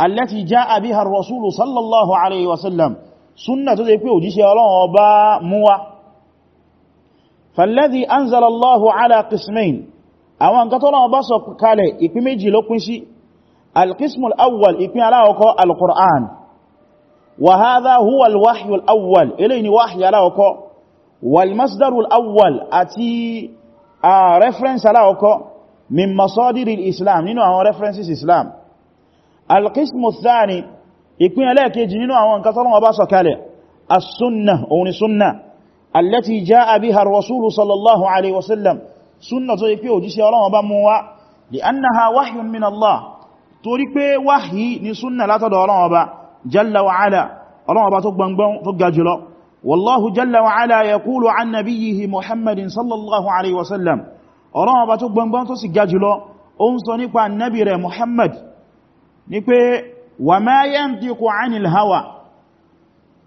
التي جاء بها الرسول صلى الله عليه وسلم سنة تذيكي وجيسي الله با موا فالذي أنزل الله على قسمين أوان قطر أباس كالي إكميجي لقنشي القسم الأول إكمي على القرآن وهذا هو الوحي الأول إليني وحي على والمصدر الأول أتي ريفرنس على من مصادر الإسلام نينو عن ريفرنسز الإسلام alkismu thani ìpín ẹlẹ́ẹ̀kejì nínú àwọn nǹkan tọ́lọ́wọ́ bá sọ kalẹ̀ as-sunna òun ni sunna allati jaa biha ar-rasulu sallallahu alaihi wasallam sunna tó ipe òjíṣẹ́ Ọlọ́run bá mú wá li annaha wahyun min Allah torí pé wahyi ni sunna látọ̀dọ̀ Ọlọ́run bá jalla wa ala Ọlọ́run bá tó gbangban tó ga jùlọ wallahu jalla wa ala yaqulu an nabiyyihi muhammadin sallallahu alaihi wasallam Ọlọ́run bá tó gbangban tó sì ga jùlọ ó ń sọ nípa annabi rẹ̀ muhammad ní pé wà máa yẹ́ ń díkò ánìl hawa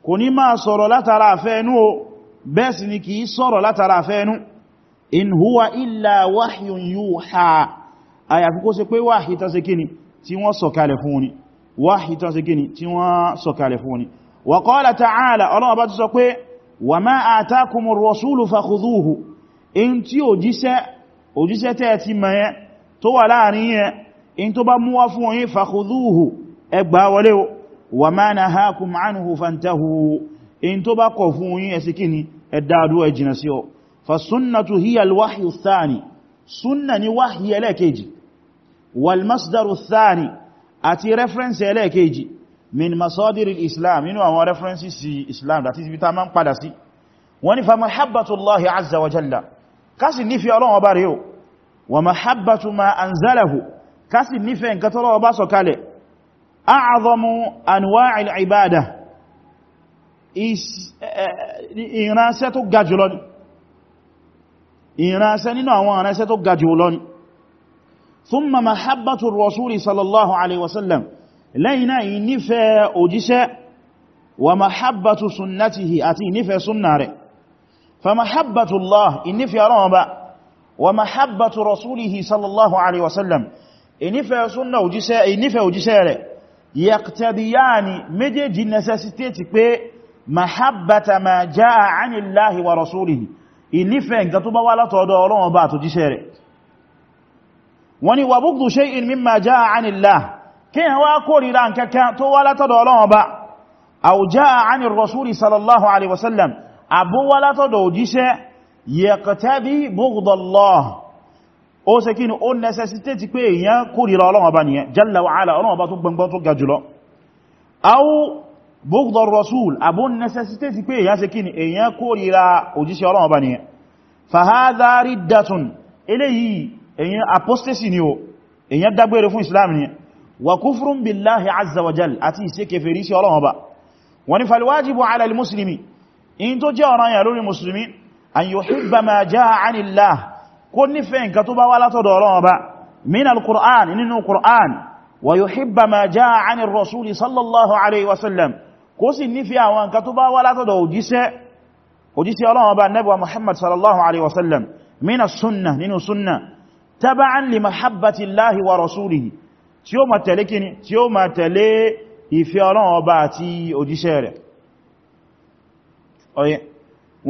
kò ní máa sọ̀rọ̀ látara fẹ́ẹ̀nú o bẹ́ẹ̀ sì ni kìí sọ̀rọ̀ látara fẹ́ẹ̀nú in huwa illa wahyun yuha àyàfi kó ṣe pé wáhì tán ṣe kíni tí wọ́n sọ̀kalẹ̀ fún ni wáhì in tó bá mú wá fún yín fakhudhuhu ẹ gbà wọlé o wa ma nahakum anhu fantahu in tó bá kọ̀ fún yín ẹ̀sì kíni ẹ̀dàdú ẹ jìnà sí ọ fasunnatu hiya alwahyu thani sunna ni wahyi ẹlẹ́kejì walmasdaru thani àti reference ẹlẹ́kejì min masadir islam inú àwọn references sí islam that is bita man padà sí wọ́n ní fa mahabbatullahi azza wa jalla kasi nífi ọlọ́wọ́ bá rí o wa mahabbatu ma anzalahu kásì nífẹ̀ẹ́ nǹkan tọ́lọ́wọ́ bá sọ̀kalẹ̀ a'azamu anwa'il ibada eh, eh, ìránṣẹ́ tó ga jùlọ ni ìránṣẹ́ nínú àwọn ìránṣẹ́ tó ga jùlọ ni thumma mahabbatu rasuli sallallahu alaihi wasallam lẹ́yìnà yìí nífẹ̀ẹ́ òjíṣẹ́ wa mahabbatu sunnatihi àti ìnífẹ̀ẹ́ sunna rẹ̀ fa mahabbatu Allah ìnífẹ̀ẹ́ ọlọ́wọ́ ba wa mahabbatu rasulihi sallallahu alaihi wasallam ìnífẹ́ súnnà òjíṣẹ́ ìnífẹ́ òjíṣẹ́ rẹ̀ yaqtadiyani méjèèjì necessitate pé mahabbata ma jaa anillahi wa rasulihi ìnífẹ́ nǹkan tó bá wá látọ̀ọ́dọ̀ Ọlọ́run bá àtòjíṣẹ́ rẹ̀ wọ́n ni wà bughdhu shay'in mimma jaa anillahi kí yẹn wá kórìíra nǹkankan tó wá látọ̀dọ̀ Ọlọ́run bá aw jaa anir rasuli sallallahu alaihi wasallam àbúwá látọ̀dọ̀ òjíṣẹ́ yaqtadi bughdallah ó ṣe kí ni ó necessitate pé èyàn kórìíra Ọlọ́run Ọba nìyẹn jalla wa ala Ọlọ́run Ọba tó gbọngbọn tó ga jùlọ au bughdar rasul abu necessitate pé èyàn ṣe kí ni èyàn kórìíra òjíṣẹ́ Ọlọ́run Ọba nìyẹn fahadha riddatun eléyìí èyàn apostasy ni o èyàn dágbére fún islam ni wa kufrun billahi azza wa jal àti ìṣe kèfèrí sí Ọlọ́run Ọba wọ́n ní falwajibu kó nífẹ̀ẹ́ nǹkan tó bá wá látọ̀dọ̀ Ọlọ́run Ọba min al-Qur'an nínú Qur'an wa yuhibba ma jaa 'ani ar-rasuli sallallahu alaihi wasallam kó sì nífẹ̀ẹ́ àwọn nǹkan tó bá wá látọ̀dọ̀ òjíṣẹ́ òjíṣẹ́ Ọlọ́run Ọba Ànábì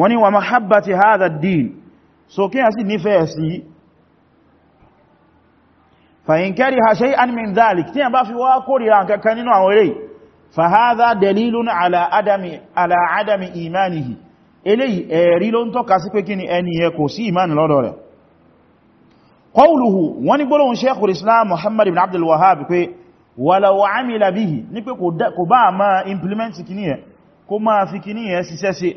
wa mahabbati Allahi din so kí a sì nífẹ̀ẹ́ sí fàyínkẹ́rì ha shay'an min dhalik tí a bá fi wá kórìíra nǹkankan nínú àwọn eré fàhádá dalilun ala adami ala adami imanihi eléyìí ẹ̀rí ló ń tọ́ka sí pé kí ni ẹni yẹ kò sí imani lọ́dọ̀ rẹ̀ qawluhu wọ́n ní gbọ́lọ́hun sheikhul islam muhammad ibn abdul wahhab pé walaw amila bihi ní pé kò bá máa implement kìníyẹ kó máa fi kìníyẹ ṣiṣẹ́ sí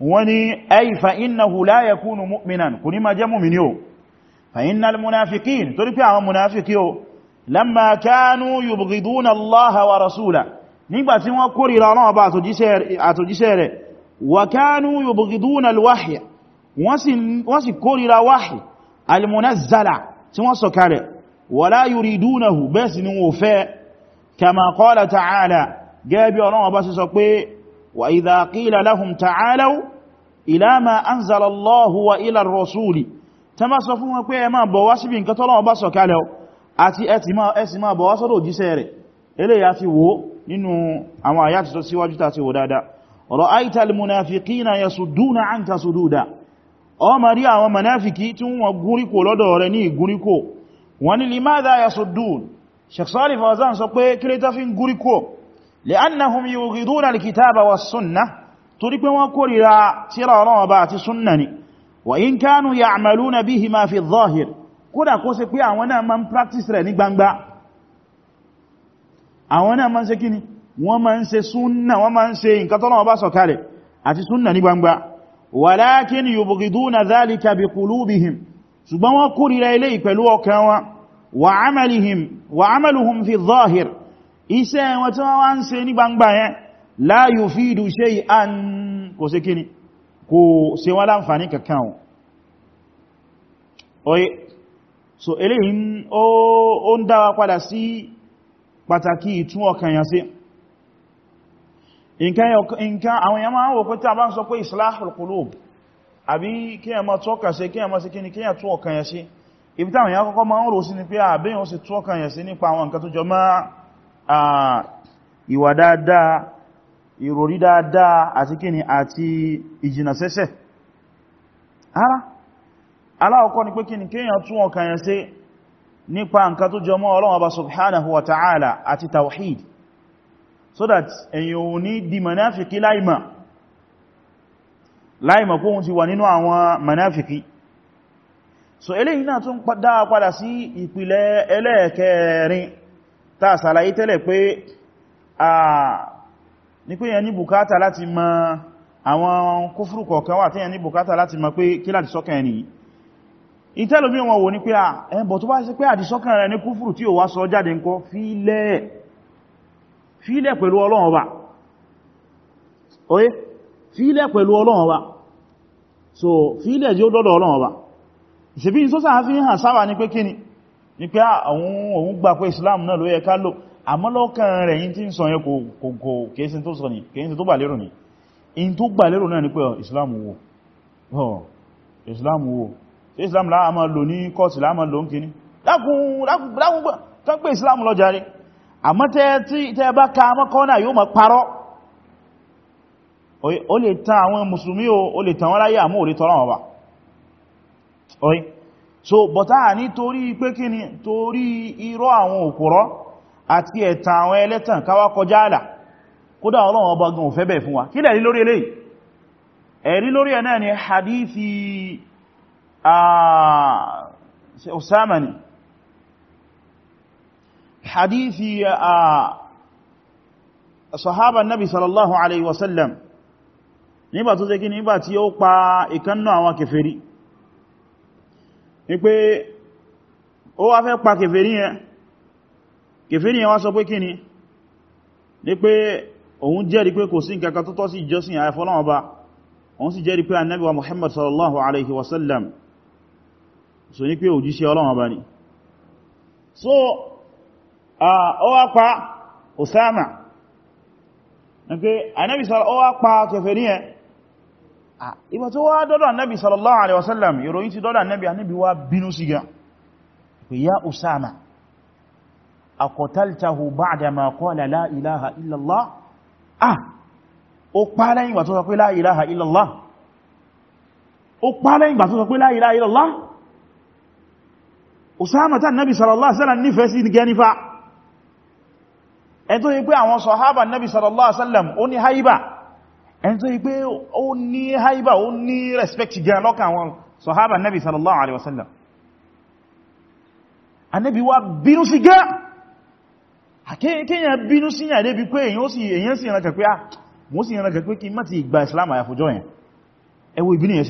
wọ́n ní ay fa innahu la yakunu mu'minan kò ní ma jẹ́ mu'mini o fa innal munafiqin torí pé àwọn munafiki o lamma kanu yubghiduna allaha wa rasula nígbàtí wọ́n kórìíra Ọlọ́run ba àtòjíṣẹ́ rẹ̀ wa kanu yubghiduna alwahya wọ́n sì kórìíra وإذا قيل لهم تعالوا إلى ما أنزل الله وإلى الرسول تما صفوا كوي ما بواسي بين كتلون با سوكالو ati eti ma esi ma bo wasodo jíṣẹ́ rẹ̀ eleya fi wo nínú àwọn aya tí tó síwájú tá ti wò dáadáa ra'aita almunafiqina yasudduna anka sududa ó ma rí àwọn munafiki tí wọ́n guriko lọ́dọ̀ rẹ̀ ní guriko wọ́n limadha yasuddun Shaykh Saalih Fawzān sọ pé kile ta fin guriko لأنهم يغضون الكتاب والسنة تريد أن أقول ترى رابعة سنة وإن كانوا يعملون بهما في الظاهر قد أقول سيكون أولا من practice رأني بانبا أولا من سيكون ومن سنة ومن سيكون كتنا أبا سكالي أتي سنة نبانبا ولكن يبغضون ذلك بقلوبهم سبحان وقول إليه بلوكا وعملهم وعملهم في الظاهر iṣẹ́ wọn tí wọ́n wá ń ṣe ní gbangba yẹn la yufidu shay'an kò ṣe kíni kò ṣe wọ́n láǹfàní kankan oye so eléyìn ó ń dáwà padà sí pàtàkì ìtún ọkàn yà sí nǹkan àwọn èèyàn máa ń wò pé tí a bá ń sọ pé islahul qulub àbí kí ẹ máa tọ́ka sí ni pé àbíyàn ìwà dáadáa ìròrí dáadáa àti kíni àti ìjìnà sẹ́sẹ̀ ara aláwọ̀kọ́ ni pé kíni kéèyàn tún ọkàn yẹn ṣe nípa nǹkan tó jọmọ́ Ọlọ́run Ọba subhanahu wa ta'ala àti tawhid so that èyàn ò ní di manáfikí láìmà láìmà kó hún ti wà nínú àwọn manáfikí so eléyìí náà tún dáa padà sí ìpìlẹ̀ ẹlẹ́ẹ̀kẹrin Taa sàlàyé tẹ́lẹ̀ pé ní pé yẹn ní bùkátà láti mọ àwọn kúfúrù kọ̀ọ̀kan wà tí yẹn ní bùkátà láti mọ pé kí láti sọ́kàn ẹni ìtẹ́lòmí wọn wò ní pé ẹ̀bọ̀ tó bá ṣe pé àdìsọ́kàn rẹ̀ ní kúfúrù tí ó wá sọ jáde ńkọ́ fílẹ̀ pẹ̀lú Ọlọ́run oye fílẹ̀ pẹ̀lú Ọlọ́run Ọba so fílẹ̀ tí ó dọ́dọ̀ Ọlọ́run Ọba ìṣẹ́bí sọ́sà fi hàn sáwà ní ní pé àwọn ah, òun gbà pé Islam náà ló yẹ ká lò àmọ́ lọ́kàn rẹ̀ yí tí ń sọ yẹn kò kèéṣin tó sọ ní kèéṣin tó bà lérò ní in tó gbà náà ní pé oh, Islam wo oh, Islam wo ṣe Islam láà máa lò ní kọ́ọ̀sì láà máa lò ń kíní lákùnkùn pé Islam lọ jàre àmọ́ tẹ́ bá ka mọ́ kọ́nà yóò máa parọ́ ó lè so bọ̀tá ní torí pé kí ni torí irọ́ àwọn òkúrọ́ àti ẹ̀tàn àwọn ẹlẹ́tàn káwà kọjá àlà kódà ọlọ́run ọba gan ò fẹ́ bẹ̀ fún wa kí lẹ̀rí lórí eléyìí ẹ̀rí lórí ẹ̀nà ni hadithi Usama ni hadithi sahaba nabi ní pé ó wá fẹ́ pa kèfèrí yẹn kèfèrí yẹn wá sọ pé kíni ní pé òun jẹ́rìí pé kò sí si tó tọ́ sí ìjọsìn òun sì pé annabi wa muhammad sallallahu alaihi wasallam so ní pé òjíṣẹ́ ọlọ́wọ́ ni so ó wá pa osama ní pé annabi ó Ah, ìgbà tó wá dọ́dọ̀ annabi sallallahu alaihi wasallam ìròyìn ti dọ́dọ̀ annabi annabi wá bínú sí gan pé ya usama akọtaltahu ba'da ma qala la ilaha illallah ah ó pa lẹ́yìn ìgbà tó sọ pé la ilaha illallah ó pa lẹ́yìn ìgbà tó sọ pé la ilaha illallah usama ta annabi sallallahu alaihi wasallam nífẹ̀ẹ́ sí gẹnifa yí pé àwọn sahaba annabi sallallahu alaihi ó ní haiba ẹni tó yí pé ó ní haiba ó ní respect gan lọ́kàn wọn sọ̀hábà a sallallahu alaihi wasallam wa bínú sí gá kíyàn bínú sí yà débi pé èyàn sì yànà kẹ̀kẹ́ wọ́n sì yànà kẹ̀kẹ́ ah, kí má ti gba islam àyàfòjọ́ yẹn ẹ ìbínú yẹn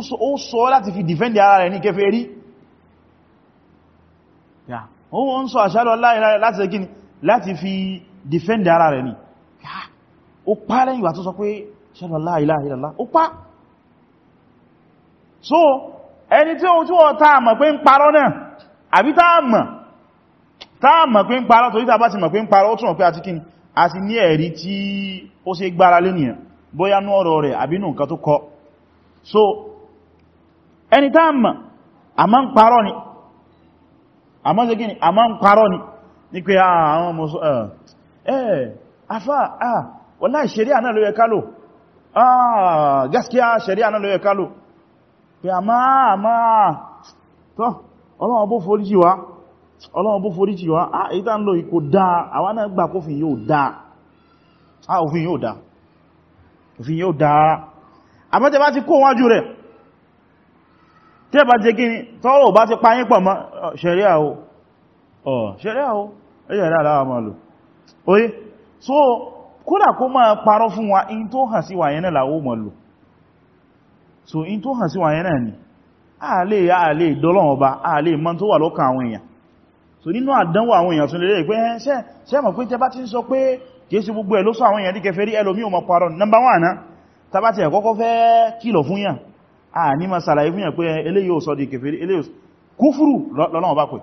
sí so lati fi defend ara láti fi defend ara rẹ̀ ni ah, ó pá lẹ́yìn ìgbà tó sọ pé ṣẹ́lọ láìláìlá ó pá so ẹni tí ó tí ó tá àmọ̀ pé ń parọ́ náà àbí tá àmọ̀ tá àmọ̀ pé ń parọ́ torí tá bá ti mọ̀ pé ń parọ́ ó túnmọ̀ pé àti kí a ti ní ẹ̀rí tí ó ṣe gbára lé nìyàn bóyá ní ọ̀rọ̀ rẹ̀ àbí nù nǹkan tó kọ so ẹni tá àmọ̀ àmọ́ ń parọ́ ni àmọ́ ṣe kí ni àmọ́ ń parọ́ ni ní pé ah, àwọn mọ̀sán ẹ̀ eh, afá eh, ah wọ́lá ìṣẹ̀ríà náà ló yẹ kálò ah gaskiya ṣẹ̀ríà náà ló yẹ kálò pé a máa máa tọ́ ọlọ́wọ́n bó foríjì wá ọlọ́wọ́n bó ah èyí tá ń lò ikò dáa àwọn náà gbà kófin yóò ah òfin yóò dáa òfin yóò dáa àmọ́tẹ́ bá ti kó wájú rẹ̀ tẹ́ bá ti gíní tọ́rọ bá ti pa yín mọ́ ṣẹ̀ríà o ṣẹ́rẹ́ àwọ́ ẹ̀yẹ̀ rẹ̀ aláwà máa lò oye so kódà kó máa parọ́ fún wa in tó hàn sí wà yẹn náà làwọ́ máa lò so in tó hàn sí wà yẹn náà ni a lè a lè dọ́lọ́wọ́ ọba a lè mọ̀ tó wà lọ́kàn àwọn èèyàn so nínú àdánwò àwọn èèyàn tún lè pé ṣe mọ̀ pé tẹ bá ti ń sọ pé kìí sí gbogbo ẹ̀ ló sọ àwọn èèyàn díkẹ fẹ́rí ẹlòmí o mọ̀ parọ́ number one náà tàbátí ẹ̀kọ́kọ́ fẹ́ kìlọ̀ fún yàn a ní ma sàlàyé fún yàn pé eléyìí ò sọ díkẹ fẹ́rí eléyìí kúfúrù lọ́lọ́wọ́ bá pẹ̀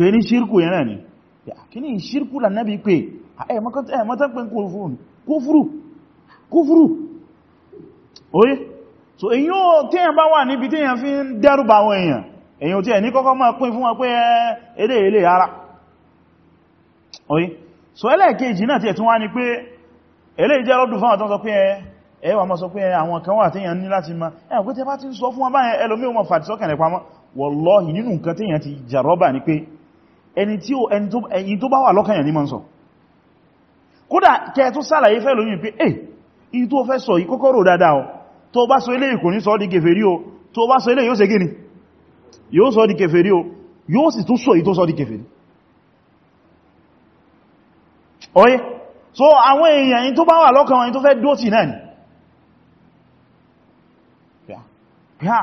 pé ní ṣírkù yẹn náà ni kí ní ṣírkù lànàbí pé ẹ̀mọ́tán pé kúfúrù kúfúrù oye so èyí ò tí èyàn bá wà níbi tí èyàn fi ń dẹ́rùbà àwọn èèyàn èyí ò tí ẹ̀ ní kọ́kọ́ máa pín fún wọn pé ẹlẹ́ ẹlẹ́ ara oye so ẹlẹ́ẹ̀kejì náà ti ẹ̀ tún wá ní pé ẹlẹ́ ìjẹ́ rọ́dù fáwọn tó sọ pé ẹ wà máa sọ pé àwọn kan wà téèyàn ní láti ma ẹ̀yàn pé tẹ́ bá ti ń sọ fún wọn ẹni tí ó ẹni tó bá wà lọ́kànyàn ní ma ń sọ kódà kẹ tó sàlàyé fẹ́ lóyìn pé eh in tó fẹ́ sọ ìkọ́kọ́rò dáadáa o tó bá sọ eléyìí kò ní sọ di kèfèrí o tó bá sọ eléyìí yóò ṣe gíní yóò sọ di kèfèrí o yóò sì tún sọ ìtó sọ di kèfèrí oye so àwọn èèyàn in tó bá wà lọ́kàn wọn tó fẹ́ dóòtì náà ni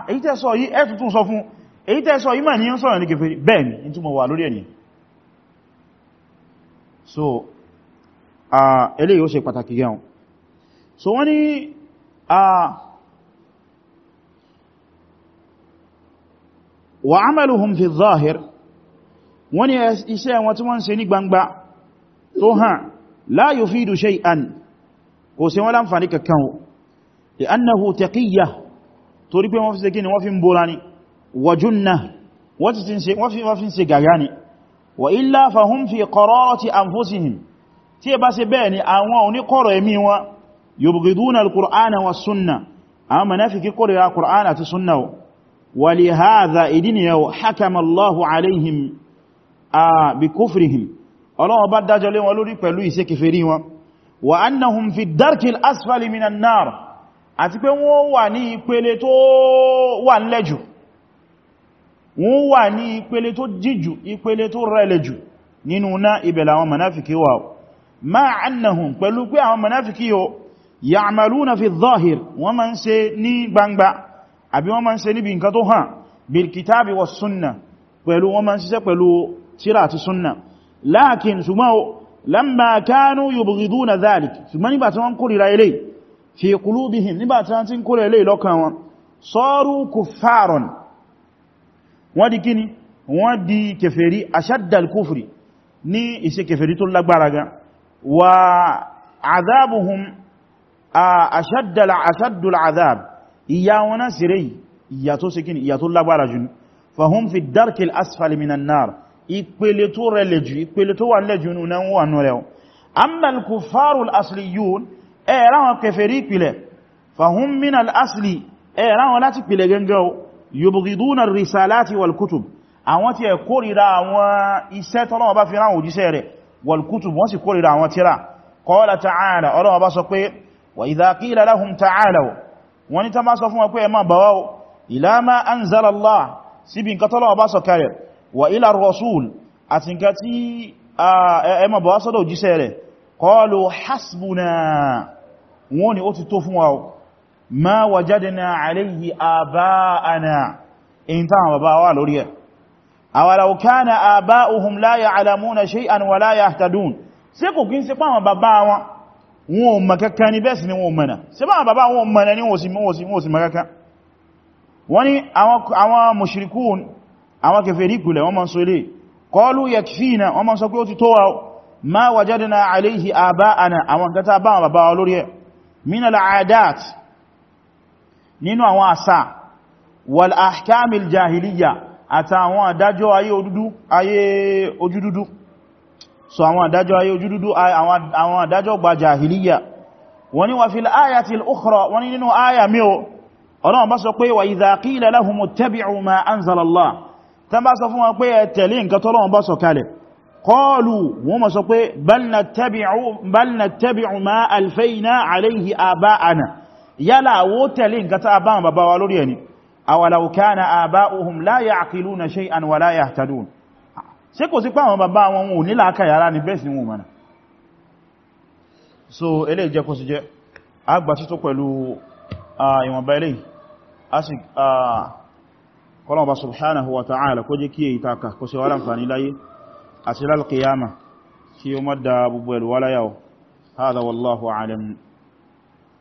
èyí tẹ́ sọ yìí ẹ́ tuntun sọ fún èyí tẹ́ sọ yìí mà ní ń sọ̀rọ̀ ní kèfèrí bẹ́ẹ̀ ni in wà lórí ẹ̀yìn so eléyìí ó ṣe pàtàkì gẹun so wọ́n ní wa amaluhum fi zahir wọ́n ní iṣẹ́ wọn tí wọ́n ṣe ní gbangba tó hàn la yufidu shay'an kò ṣe wọ́n láǹfàní kankan li'annahu taqiyya torí pé wọ́n fi ṣe kí ni wọ́n fi ń bóra ni wa junna wọ́n fi ń ṣe gàgá ni wa illa fahum fi qararati anfusihim tí ẹ bá ṣe bẹ́ẹ̀ ni àwọn oníkọ̀rọ̀ ẹ̀mí wọn yubghiduna al-qur'ana wa sunna àwọn munafiki kórìíra qur'ana àti sunna wa li hadha idiniyawo hakama allahu alaihim a bi àti pé wọ́n wà ní ìpele tó wà lẹ́jù wọ́n wà ní ìpele tó jíjù ìpele tó rẹ̀lẹ̀ jù nínú ná ibẹ̀lẹ̀ àwọn manáfikí wà ma annahum pẹ̀lú pé àwọn manáfikí yóò ya'maluna fi dhahir wọ́n ma ń ṣe ní gbangba àbí wọ́n ma ń ṣe níbi nǹkan tó hàn bil wa sunna pẹ̀lú wọ́n ma ń ṣiṣẹ́ pẹ̀lú tírà àti sunna lakin ṣùgbọ́n lamma kanu yubghiduna dhalik ṣùgbọ́n nígbà tí wọ́n kórìíra ilé fi qulubihim nígbà tí wọ́n ti ń ilé lọ́kàn wọn saru kuffaron wọ́n di kíni wọ́n di kèfèrí ashaddal kufri ní ìṣe kèfèrí tó lágbára gan wà azabuhum ashaddal ashaddul azab ìyà wọn náà sire ìyà tó ṣe kíni ìyà tó lágbára jù fahum fi darkil asfali minan nar tó rẹlẹ̀ jù ìpele tó wà lẹ́jù nù náà wà nù yubghiduna ar-risalati wal-kutub àwọn tí ẹ kórìíra àwọn iṣẹ́ tọ́lọ́wọ́ bá fi ráhùn òjíṣẹ́ rẹ̀ wal-kutub wọ́n sì kórìíra àwọn tíra qala ta'ala ọlọ́wọ́ bá sọ pé wa idha qila lahum ta'alaw wọ́n ni ta bá sọ fún wọn pé ẹ má ila ma anzala Allah síbi nǹkan tọ́lọ́wọ́ bá sọ kalẹ̀ wa ila rasul àti nǹkan tí ẹ má bàwá sọ́dọ̀ òjíṣẹ́ qalu hasbuna wọ́n ni ti tó fún wa ma wajadna alayhi aba'ana in ta wọn bàbá wà lórí ẹ̀ awalaw kana aba'uhum la ya'lamuna shay'an wa la yahtadun ṣé kò kín ṣe pa wọn bàbá wọn wọn ò makaka ni bẹ́ẹ̀ sì ni wọn ò mọ̀nà ṣé pa wọn bàbá wọn ò mọ̀nà ni wọn sì wọn sì wọn sì makaka wani àwọn àwọn mushrikun àwọn kèfèrí kule man sọ ilé qalu yakfina wọn man sọ pé ti tó wa ma wajadna alayhi aba'ana àwọn kan ta bá wa lórí ẹ̀ min al-'adat nínú àwọn àṣà wal ahkamil jahiliya àtàwọn àdájọ́ ayé ojúdúdú ayé ojúdúdú so àwọn àdájọ́ ayé ojúdúdú àwọn àdájọ́ gba jahiliya wọ́n ní wà fil ayatil ukhra wọ́n ní nínú aya mẹ́o ọlọ́run bá sọ pé wa idha qila lahum ittabi'u ma anzala Allah tán bá sọ fún wọn pé ẹ tẹ̀lé nǹkan tọ́lọ́run bá sọ kalẹ̀ qalu wọ́n ma sọ pé yálà àwó tẹ̀lé nǹkan tá bá wọn bàbá wa lórí ẹni awalau kana aba'uhum la ya'qiluna shay'an wa la yahtadun ṣe kò sí pàwọn bàbá wọn ò nílà aka yàrá ni bẹ́ẹ̀ wọn mana so ilé jẹ́ kó sì jẹ́ agbà tító pẹ̀lú ìwọ̀nba ilé kọlọ̀ọ̀bá subhanahu wa ta'ala kó jẹ́ kí èyí taka kó ṣe wá láǹfààní láyé àti lálqiyama kí o mọ́ da هذا والله أعلم